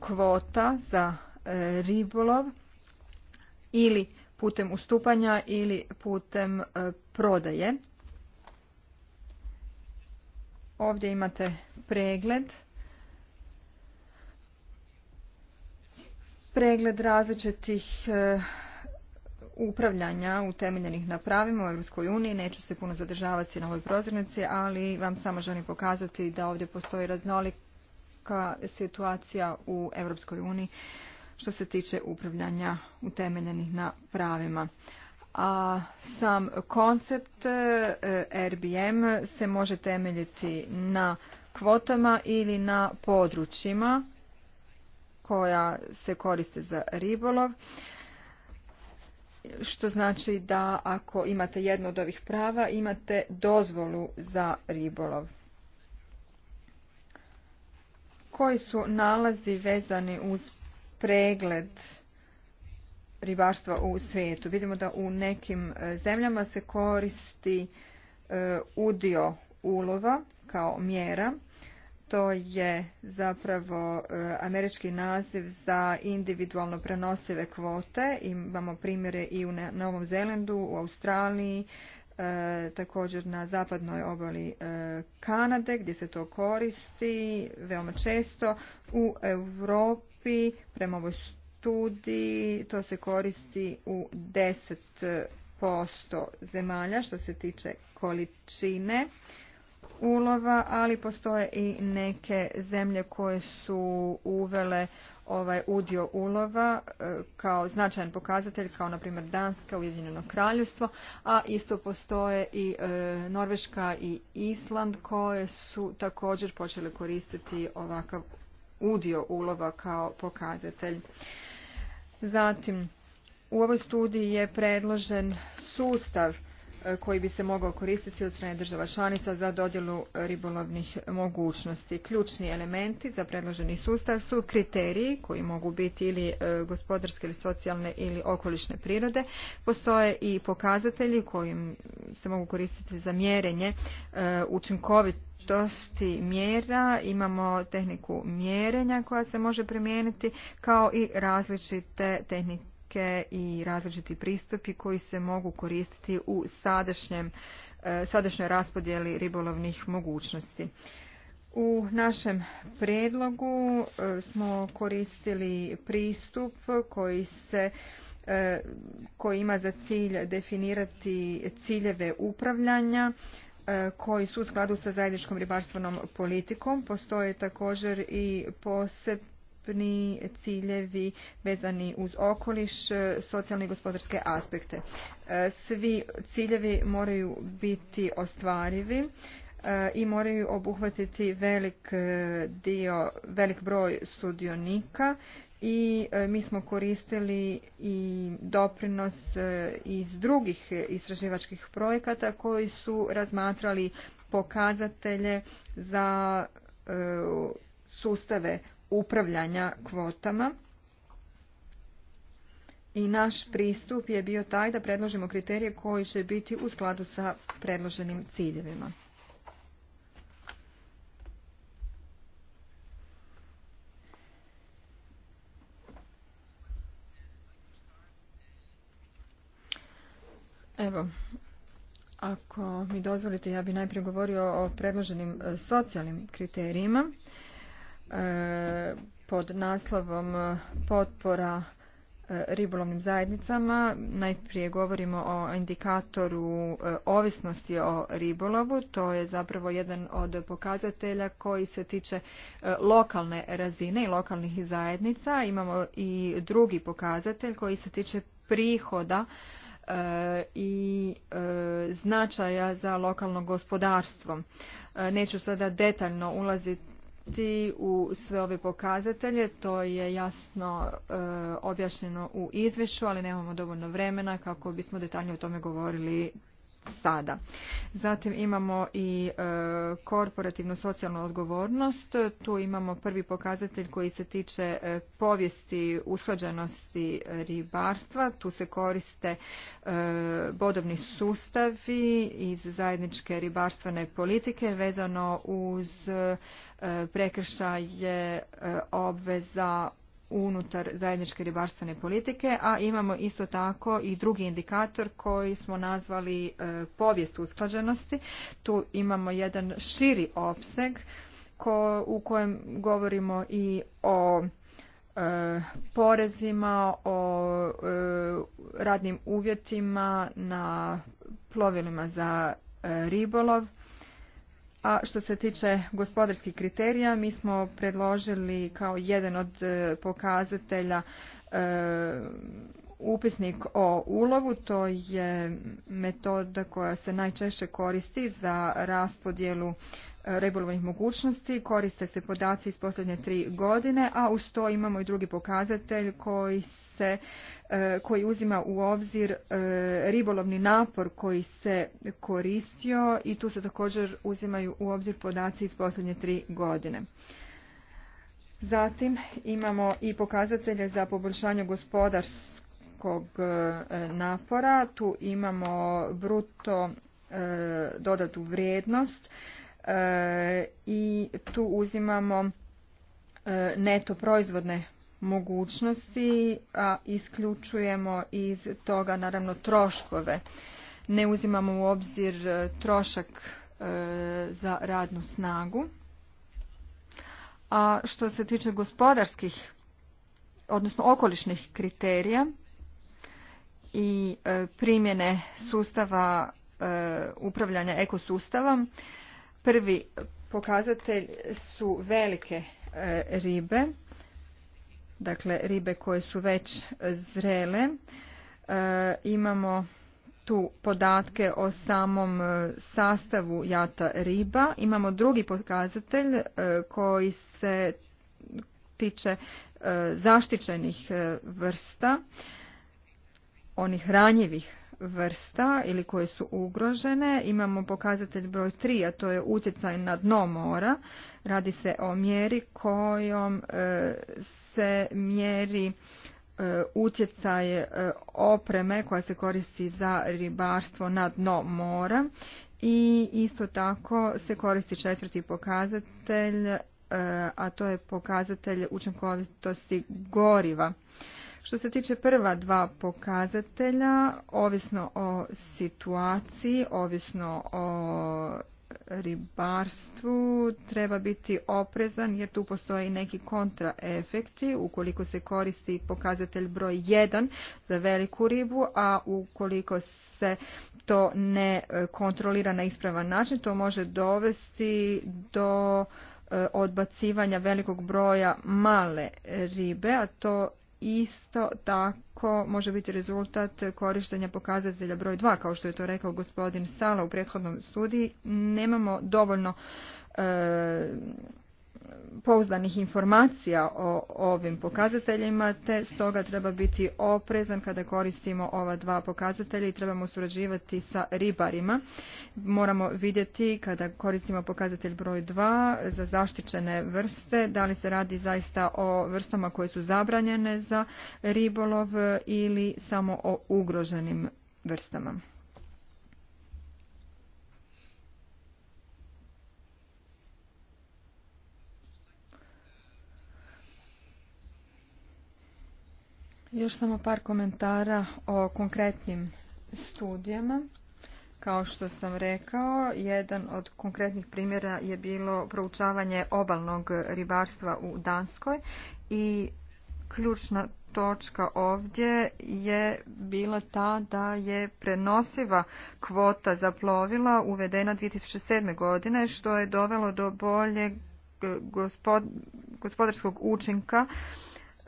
kvota za ribolov ili putem ustupanja ili putem e, prodaje. Ovdje imate pregled. Pregled različitih e, upravljanja utemeljenih na pravima u EU. Neću se puno zadržavati na ovoj prozirnici, ali vam samo želim pokazati da ovdje postoji raznolika situacija u EU. uniji što se tiče upravljanja utemeljenih na pravima. A sam koncept e, RBM se može temeljiti na kvotama ili na područjima koja se koriste za ribolov što znači da ako imate jedno od ovih prava imate dozvolu za ribolov. Koji su nalazi vezani uz pregled ribarstva u svijetu. Vidimo da u nekim e, zemljama se koristi e, udio ulova kao mjera. To je zapravo e, američki naziv za individualno prenosive kvote. Imamo primjere i u Novom Zelandu, u Australiji, također na zapadnoj obali Kanade gdje se to koristi veoma često. U Europi grupi prema ovoj studiji to se koristi u 10% zemalja što se tiče količine ulova, ali postoje i neke zemlje koje su uvele ovaj udio ulova e, kao značajan pokazatelj, kao na primjer Danska, Ujedinjeno kraljevstvo, a isto postoje i e, Norveška i Island koje su također počele koristiti ovakav udio ulova kao pokazatelj. Zatim, u ovoj studiji je predložen sustav E, koji bi se mogao koristiti od strane država članica za dodjelu ribolovnih mogućnosti. Ključni elementi za predloženi sustav su kriteriji koji mogu biti ili e, gospodarske ili socijalne ili okolišne prirode. Postoje i pokazatelji koji se mogu koristiti za mjerenje e, učinkovitosti mjera. Imamo tehniku mjerenja koja se može primijeniti kao i različite tehnike tehnike i različiti pristupi koji se mogu koristiti u e, sadašnjoj raspodjeli ribolovnih mogućnosti. U našem predlogu e, smo koristili pristup koji se e, koji ima za cilj definirati ciljeve upravljanja koji su u skladu sa zajedničkom ribarstvenom politikom. Postoje također i posebni ukupni ciljevi vezani uz okoliš, socijalne i gospodarske aspekte. E, svi ciljevi moraju biti ostvarivi e, i moraju obuhvatiti velik e, dio, velik broj sudionika i mi smo koristili i doprinos iz drugih istraživačkih projekata koji su razmatrali pokazatelje za sustave upravljanja kvotama i naš pristup je bio taj da predložimo kriterije koji će biti u skladu sa predloženim ciljevima. Evo, ako mi dozvolite, ja bih najprije govorio o predloženim e, socijalnim kriterijima. E, pod naslovom potpora e, ribolovnim zajednicama. Najprije govorimo o indikatoru e, ovisnosti o ribolovu. To je zapravo jedan od pokazatelja koji se tiče lokalne razine i lokalnih zajednica. Imamo i drugi pokazatelj koji se tiče prihoda i značaja za lokalno gospodarstvo. Neću sada detaljno ulaziti ulagati u sve ove pokazatelje, to je jasno e, objašnjeno u izvješću, ali nemamo dovoljno vremena kako bismo detaljnije o tome govorili sada. Zatim imamo i e, korporativnu socijalnu odgovornost. Tu imamo prvi pokazatelj koji se tiče e, povijesti usklađenosti ribarstva. Tu se koriste e, bodovni sustavi iz zajedničke ribarstvene politike vezano uz prekršaje obveza unutar zajedničke ribarstvene politike, a imamo isto tako i drugi indikator koji smo nazvali e, povijest usklađenosti. Tu imamo jedan širi opseg u kojem govorimo i o e, porezima, o e, radnim uvjetima na plovilima za ribolov, a što se tiče gospodarskih kriterija, mi smo predložili kao jedan od e, pokazatelja e, upisnik o ulovu, to je metoda koja se najčešće koristi za raspodjelu e, regulovanih mogućnosti, koriste se podaci iz posljednje tri godine, a uz to imamo i drugi pokazatelj koji se E, koji uzima u obzir e, ribolovni napor koji se koristio i tu se također uzimaju u obzir podaci iz posljednje tri godine. Zatim imamo i pokazatelje za poboljšanje gospodarskog e, napora. Tu imamo bruto dodatu vrijednost i tu uzimamo neto proizvodne mogućnosti, a isključujemo iz toga naravno troškove. Ne uzimamo u obzir e, trošak e, za radnu snagu. A što se tiče gospodarskih, odnosno okolišnih kriterija i e, primjene sustava upravljanja ekosustavom, prvi pokazatelj su velike ribe dakle ribe koje su već zrele. E, imamo tu podatke o samom e, sastavu jata riba. Imamo drugi pokazatelj e, koji se tiče zaštićenih vrsta, onih ranjivih vrsta ili koje su ugrožene. Imamo pokazatelj broj 3, a to je utjecaj na dno mora. Radi se o mjeri kojom e, se mjeri e, utjecaj e, opreme koja se koristi za ribarstvo na dno mora i isto tako se koristi četvrti pokazatelj, a to je pokazatelj učinkovitosti goriva. Što se tiče prva dva pokazatelja, ovisno o situaciji, ovisno o ribarstvu treba biti oprezan jer tu postoje i neki kontraefekti ukoliko se koristi pokazatelj broj 1 za veliku ribu, a ukoliko se to ne e, kontrolira na ispravan način, to može dovesti do e, odbacivanja velikog broja male ribe, a to isto tako može biti rezultat korištenja pokazatelja broj 2, kao što je to rekao gospodin Sala u prethodnom studiji. Nemamo dovoljno e, pouzdanih informacija o ovim pokazateljima, te stoga treba biti oprezan kada koristimo ova dva pokazatelja i trebamo surađivati sa ribarima. Moramo vidjeti kada koristimo pokazatelj broj 2 za zaštićene vrste, da li se radi zaista o vrstama koje su zabranjene za ribolov ili samo o ugroženim vrstama. Još samo par komentara o konkretnim studijama. Kao što sam rekao, jedan od konkretnih primjera je bilo proučavanje obalnog ribarstva u Danskoj i ključna točka ovdje je bila ta da je prenosiva kvota za plovila uvedena 2007. godine što je dovelo do boljeg gospodarskog učinka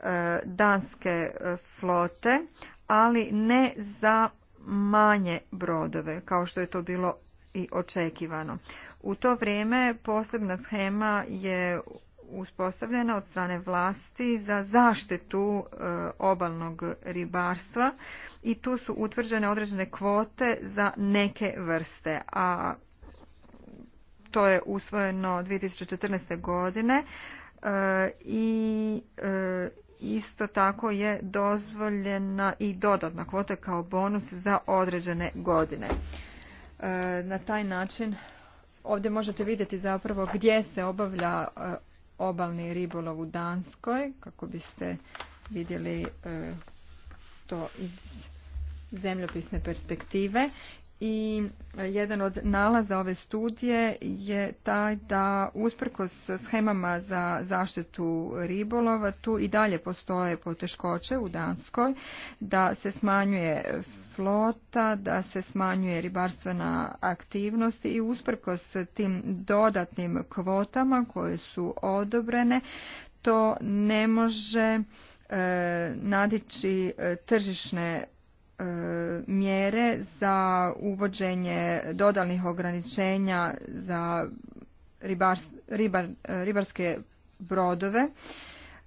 E, danske e, flote, ali ne za manje brodove, kao što je to bilo i očekivano. U to vrijeme posebna schema je uspostavljena od strane vlasti za zaštitu e, obalnog ribarstva i tu su utvrđene određene kvote za neke vrste, a to je usvojeno 2014. godine i isto tako je dozvoljena i dodatna kvota kao bonus za određene godine. E, na taj način ovdje možete vidjeti zapravo gdje se obavlja e, obalni ribolov u Danskoj, kako biste vidjeli e, to iz zemljopisne perspektive i jedan od nalaza ove studije je taj da usprkos schemama za zaštitu ribolova tu i dalje postoje poteškoće u Danskoj, da se smanjuje flota, da se smanjuje ribarstvena aktivnost i usprkos tim dodatnim kvotama koje su odobrene, to ne može e, nadići e, tržišne E, mjere za uvođenje dodalnih ograničenja za e, ribarske brodove.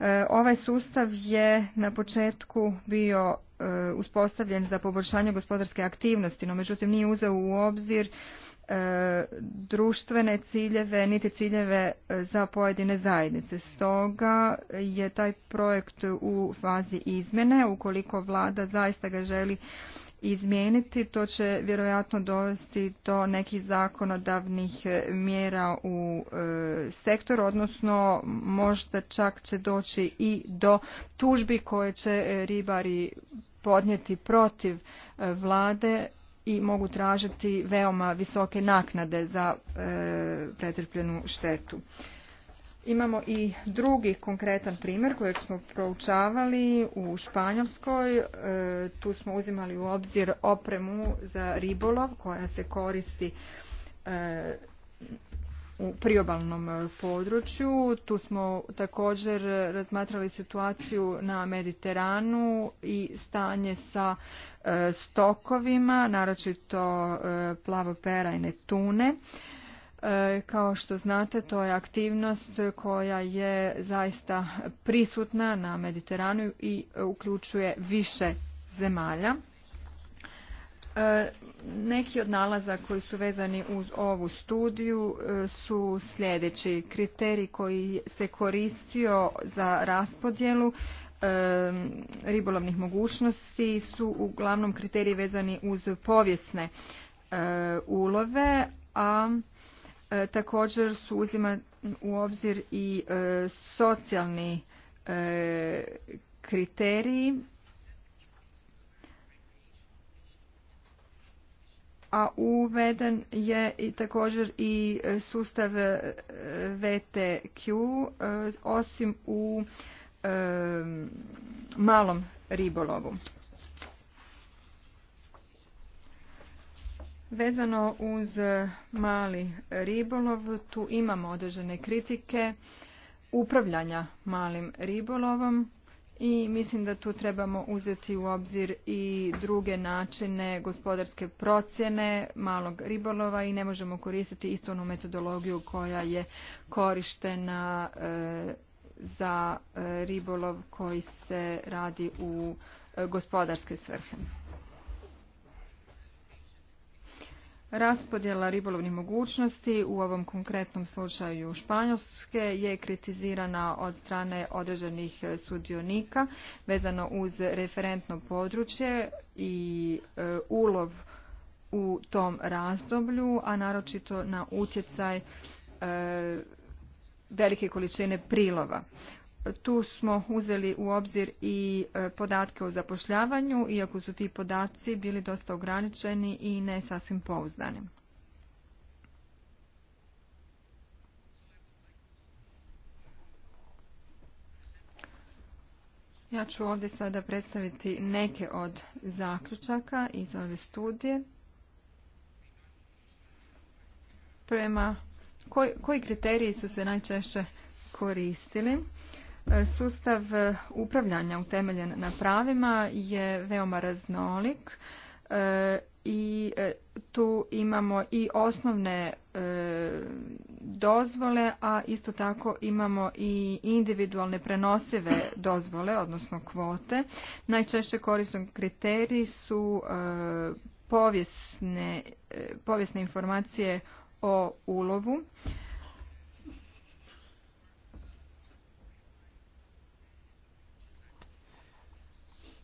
E, ovaj sustav je na početku bio uspostavljen za poboljšanje gospodarske aktivnosti, no međutim nije uzeo u obzir E, društvene ciljeve niti ciljeve e, za pojedine zajednice. Stoga je taj projekt u fazi izmjene. Ukoliko vlada zaista ga želi izmijeniti, to će vjerojatno dovesti do nekih zakonodavnih e, mjera u sektor. odnosno možda čak će doći i do tužbi koje će ribari podnijeti protiv vlade i mogu tražiti veoma visoke naknade za e, pretrpljenu štetu. Imamo i drugi konkretan primjer kojeg smo proučavali u Španjolskoj. E, tu smo uzimali u obzir opremu za ribolov koja se koristi e, u priobalnom e, području. Tu smo također razmatrali situaciju na Mediteranu i stanje sa e, stokovima, naročito e, plavopera i netune. Kao što znate, to je aktivnost koja je zaista prisutna na Mediteranu i uključuje više zemalja. E, neki od nalaza koji su vezani uz ovu studiju e, su sljedeći. Kriterij koji se koristio za raspodjelu e, ribolovnih mogućnosti su uglavnom kriteriji vezani uz povijesne ulove, a također su uzima u obzir i socijalni kriteriji a uveden je i također i e, sustav e, VTQ e, osim u malom ribolovu. Vezano uz mali ribolov, tu imamo određene kritike upravljanja malim ribolovom i mislim da tu trebamo uzeti u obzir i druge načine gospodarske procjene malog ribolova i ne možemo koristiti istu onu metodologiju koja je korištena e, za e, ribolov koji se radi u e, gospodarske svrhe. Raspodjela ribolovnih mogućnosti u ovom konkretnom slučaju Španjolske je kritizirana od strane određenih sudionika vezano uz referentno područje i e, ulov u tom razdoblju, a naročito na utjecaj e, velike količine prilova tu smo uzeli u obzir i e, podatke o zapošljavanju, iako su ti podaci bili dosta ograničeni i ne sasvim pouzdani. Ja ću ovdje sada predstaviti neke od zaključaka iz ove studije. Prema koji, koji kriteriji su se najčešće koristili? Sustav e, upravljanja utemeljen na pravima je veoma raznolik e, i e, tu imamo i osnovne dozvole, a isto tako imamo i individualne prenosive dozvole, odnosno kvote. Najčešće korisni kriteriji su povijesne informacije o ulovu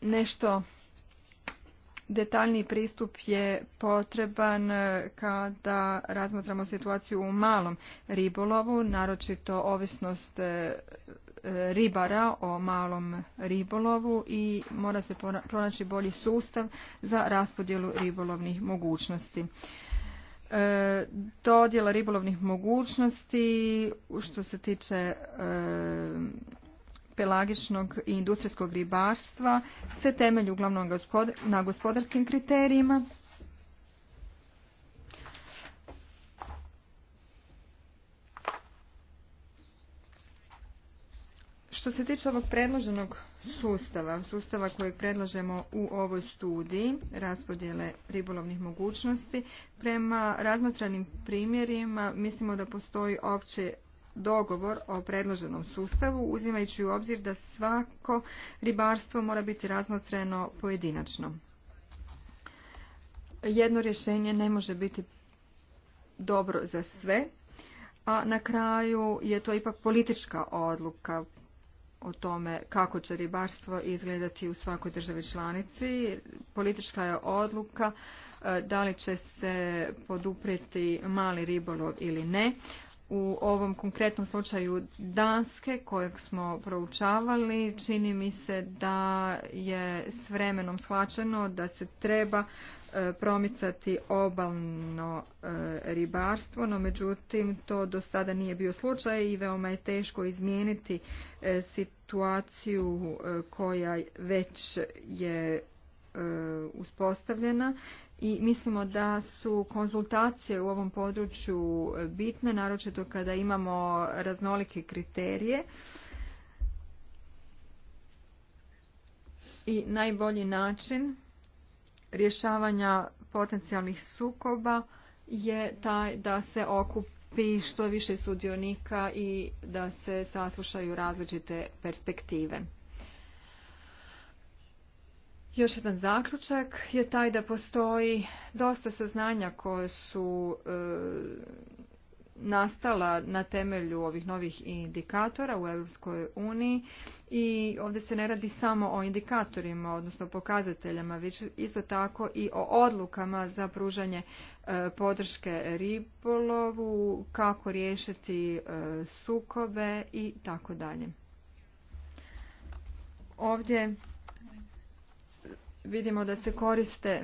nešto detaljniji pristup je potreban e, kada razmatramo situaciju u malom ribolovu, naročito ovisnost e, e, ribara o malom ribolovu i mora se pronaći bolji sustav za raspodjelu ribolovnih mogućnosti. Dodjela ribolovnih mogućnosti što se tiče pelagičnog i industrijskog ribarstva se temelju, uglavnom na gospodarskim kriterijima. Što se tiče ovog predloženog sustava, sustava kojeg predlažemo u ovoj studiji raspodjele ribolovnih mogućnosti, prema razmatranim primjerima mislimo da postoji opće dogovor o predloženom sustavu, uzimajući u obzir da svako ribarstvo mora biti razmotreno pojedinačno. Jedno rješenje ne može biti dobro za sve, a na kraju je to ipak politička odluka o tome kako će ribarstvo izgledati u svakoj državi članici. Politička je odluka e, da li će se poduprijeti mali ribolov ili ne, u ovom konkretnom slučaju Danske kojeg smo proučavali čini mi se da je s vremenom shvaćeno da se treba e, promicati obalno e, ribarstvo, no međutim to do sada nije bio slučaj i veoma je teško izmijeniti e, situaciju koja već je uspostavljena i mislimo da su konzultacije u ovom području e, bitne, naročito kada imamo raznolike kriterije. I najbolji način rješavanja potencijalnih sukoba je taj da se okupi što više sudionika i da se saslušaju različite perspektive. Još jedan zaključak je taj da postoji dosta saznanja koje su e, nastala na temelju ovih novih indikatora u Europskoj uniji i ovdje se ne radi samo o indikatorima, odnosno pokazateljama, već isto tako i o odlukama za pružanje e, podrške ribolovu, kako riješiti e, sukobe i tako dalje. Ovdje vidimo da se koriste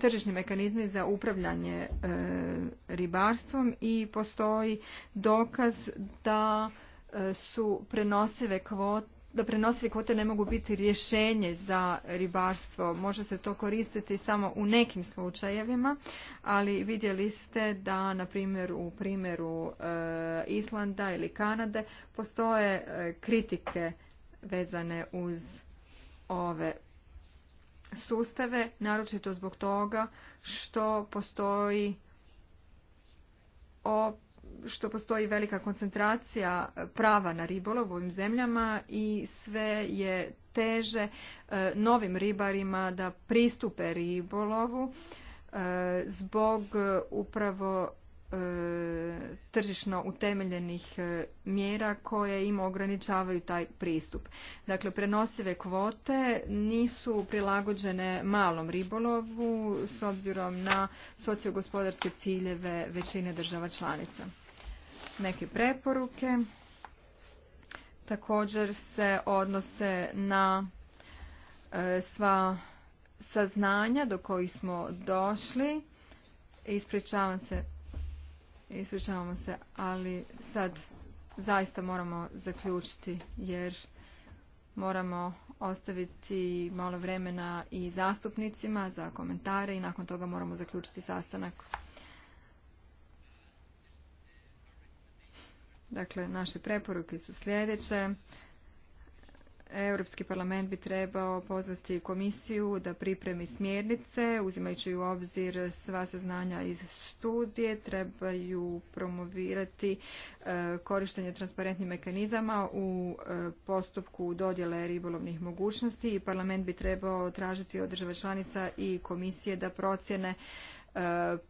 tržišni mekanizmi za upravljanje e, ribarstvom i postoji dokaz da e, su prenosive kvote da prenosive kvote ne mogu biti rješenje za ribarstvo. Može se to koristiti samo u nekim slučajevima, ali vidjeli ste da, na primjer, u primjeru e, Islanda ili Kanade postoje kritike vezane uz ove sustave, naročito zbog toga što postoji o što postoji velika koncentracija prava na ribolov u ovim zemljama i sve je teže e, novim ribarima da pristupe ribolovu e, zbog upravo E, tržišno utemeljenih e, mjera koje im ograničavaju taj pristup. Dakle, prenosive kvote nisu prilagođene malom ribolovu s obzirom na sociogospodarske ciljeve većine država članica. Neke preporuke također se odnose na e, sva saznanja do kojih smo došli. Ispričavam se Ispričavamo se, ali sad zaista moramo zaključiti jer moramo ostaviti malo vremena i zastupnicima za komentare i nakon toga moramo zaključiti sastanak. Dakle, naše preporuke su sljedeće. Europski parlament bi trebao pozvati komisiju da pripremi smjernice, uzimajući u obzir sva saznanja iz studije, trebaju promovirati e, korištenje transparentnih mekanizama u e, postupku dodjele ribolovnih mogućnosti i parlament bi trebao tražiti od država članica i komisije da procjene e,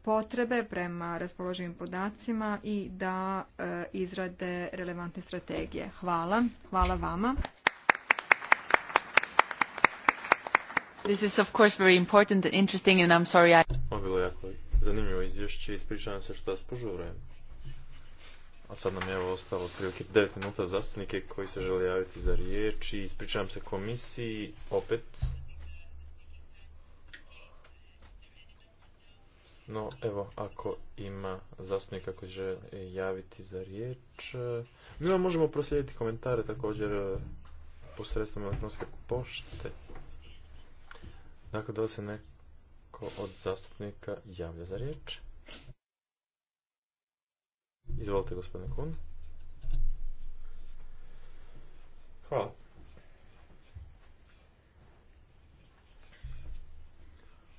potrebe prema raspoloživim podacima i da izrade relevantne strategije. Hvala. Hvala vama. This is of course very Ovo je bilo jako zanimljivo izvješće, ispričavam se što vas požurujem. A sad nam je ovo ostalo prilike 9 minuta zastupnike koji se žele javiti za riječ i ispričavam se komisiji opet. No, evo, ako ima zastupnika koji žele javiti za riječ, eh, mi vam možemo proslijediti komentare također eh, posredstvom elektronske pošte. Dakle, da se neko od zastupnika javlja za riječ? Izvolite, gospodine Kun. Hvala.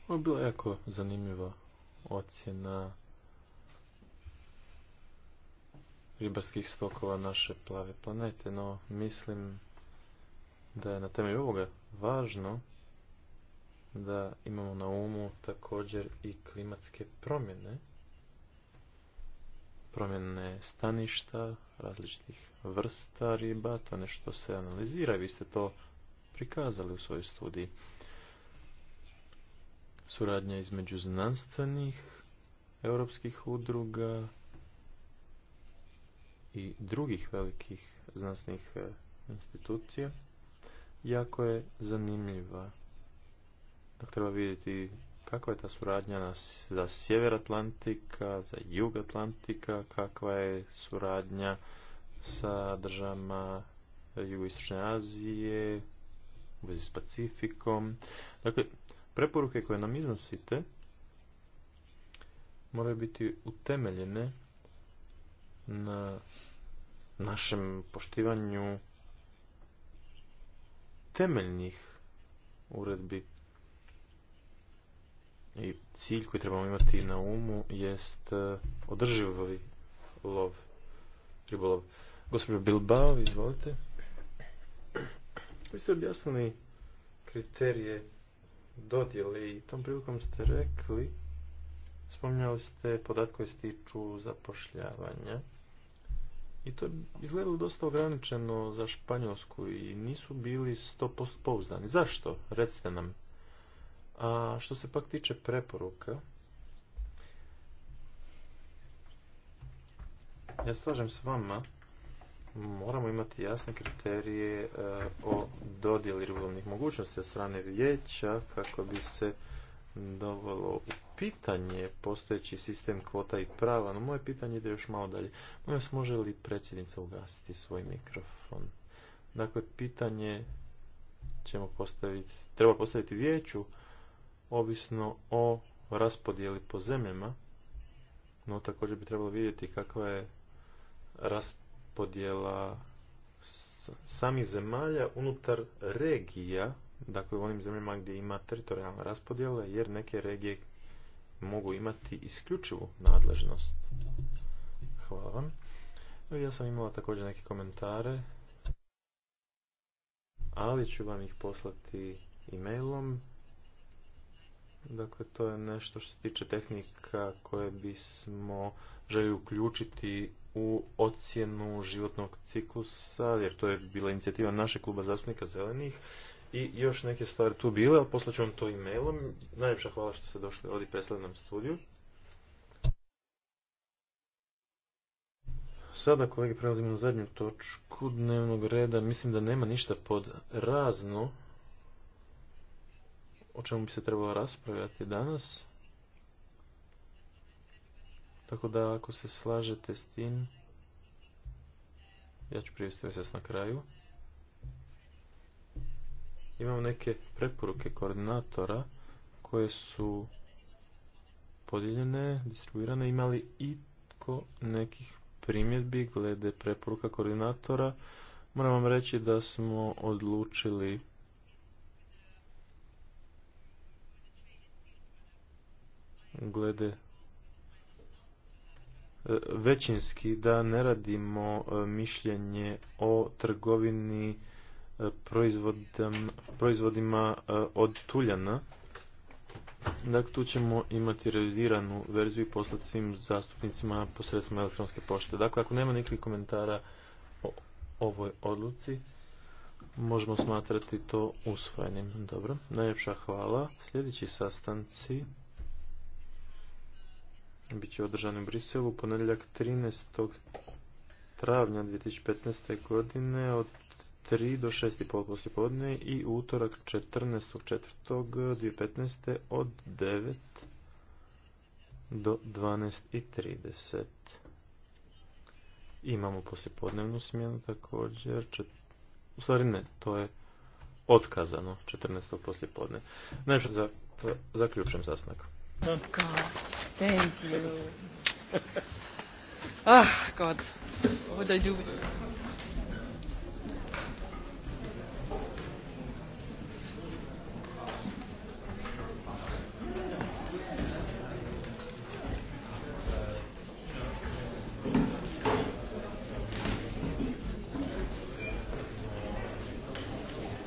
Ovo je jako zanimljiva ocjena ribarskih stokova naše plave planete, no mislim da je na temelju ovoga važno da imamo na umu također i klimatske promjene, promjene staništa, različitih vrsta riba, to nešto se analizira i vi ste to prikazali u svojoj studiji. Suradnja između znanstvenih europskih udruga i drugih velikih znanstvenih eh, institucija jako je zanimljiva Dakle, treba vidjeti kakva je ta suradnja za sjever Atlantika, za jug Atlantika, kakva je suradnja sa državama jugoistočne Azije, u vezi s Pacifikom. Dakle, preporuke koje nam iznosite moraju biti utemeljene na našem poštivanju temeljnih uredbi i cilj koji trebamo imati na umu jest e, održivi lov, ribolov. Gospodin Bilbao, izvolite. Vi ste objasnili kriterije dodjeli i tom prilikom ste rekli, spominjali ste podatke koje se tiču zapošljavanja. I to je izgledalo dosta ograničeno za Španjolsku i nisu bili 100% pouzdani. Zašto? Recite nam. A što se pak tiče preporuka, ja slažem s vama, moramo imati jasne kriterije e, o dodjeli ribolovnih mogućnosti od strane vijeća kako bi se dovelo u pitanje postojeći sistem kvota i prava, no moje pitanje ide još malo dalje. Moje vas može li predsjednica ugasiti svoj mikrofon? Dakle, pitanje ćemo postaviti, treba postaviti vijeću, ovisno o raspodjeli po zemljama, no također bi trebalo vidjeti kakva je raspodjela samih zemalja unutar regija, dakle u onim zemljama gdje ima teritorijalna raspodjela, jer neke regije mogu imati isključivu nadležnost. Hvala vam. Ja sam imala također neke komentare, ali ću vam ih poslati e-mailom Dakle, to je nešto što se tiče tehnika koje bismo želi uključiti u ocjenu životnog ciklusa, jer to je bila inicijativa našeg kluba zastupnika zelenih i još neke stvari tu bile, ali poslat ću vam to e-mailom. Najljepša hvala što ste došli ovdje predstavljati nam studiju. Sada, kolege, prelazimo na zadnju točku dnevnog reda. Mislim da nema ništa pod razno, o čemu bi se trebalo raspravljati danas. Tako da ako se slažete s tim, ja ću privesti na kraju. Imam neke preporuke koordinatora koje su podijeljene, distribuirane. Imali i nekih primjedbi glede preporuka koordinatora? Moram vam reći da smo odlučili glede e, većinski da ne radimo e, mišljenje o trgovini e, proizvodima od tuljana. Dakle, tu ćemo imati realiziranu verziju i poslati svim zastupnicima posredstvima elektronske pošte. Dakle, ako nema nekih komentara o ovoj odluci, možemo smatrati to usvojenim. Dobro, najljepša hvala. Sljedeći sastanci Biće održan u Briselu ponedjeljak 13. travnja 2015. godine od 3 do 6.30 poslijepodne i utorak 14.4.2015. od 9 do 12.30. Imamo poslijepodnevnu smjenu također. Čet... U stvari ne, to je otkazano 14. poslijepodne. Najviše za, zaključujem sastanak. Thank you. Ah, God. What would I do with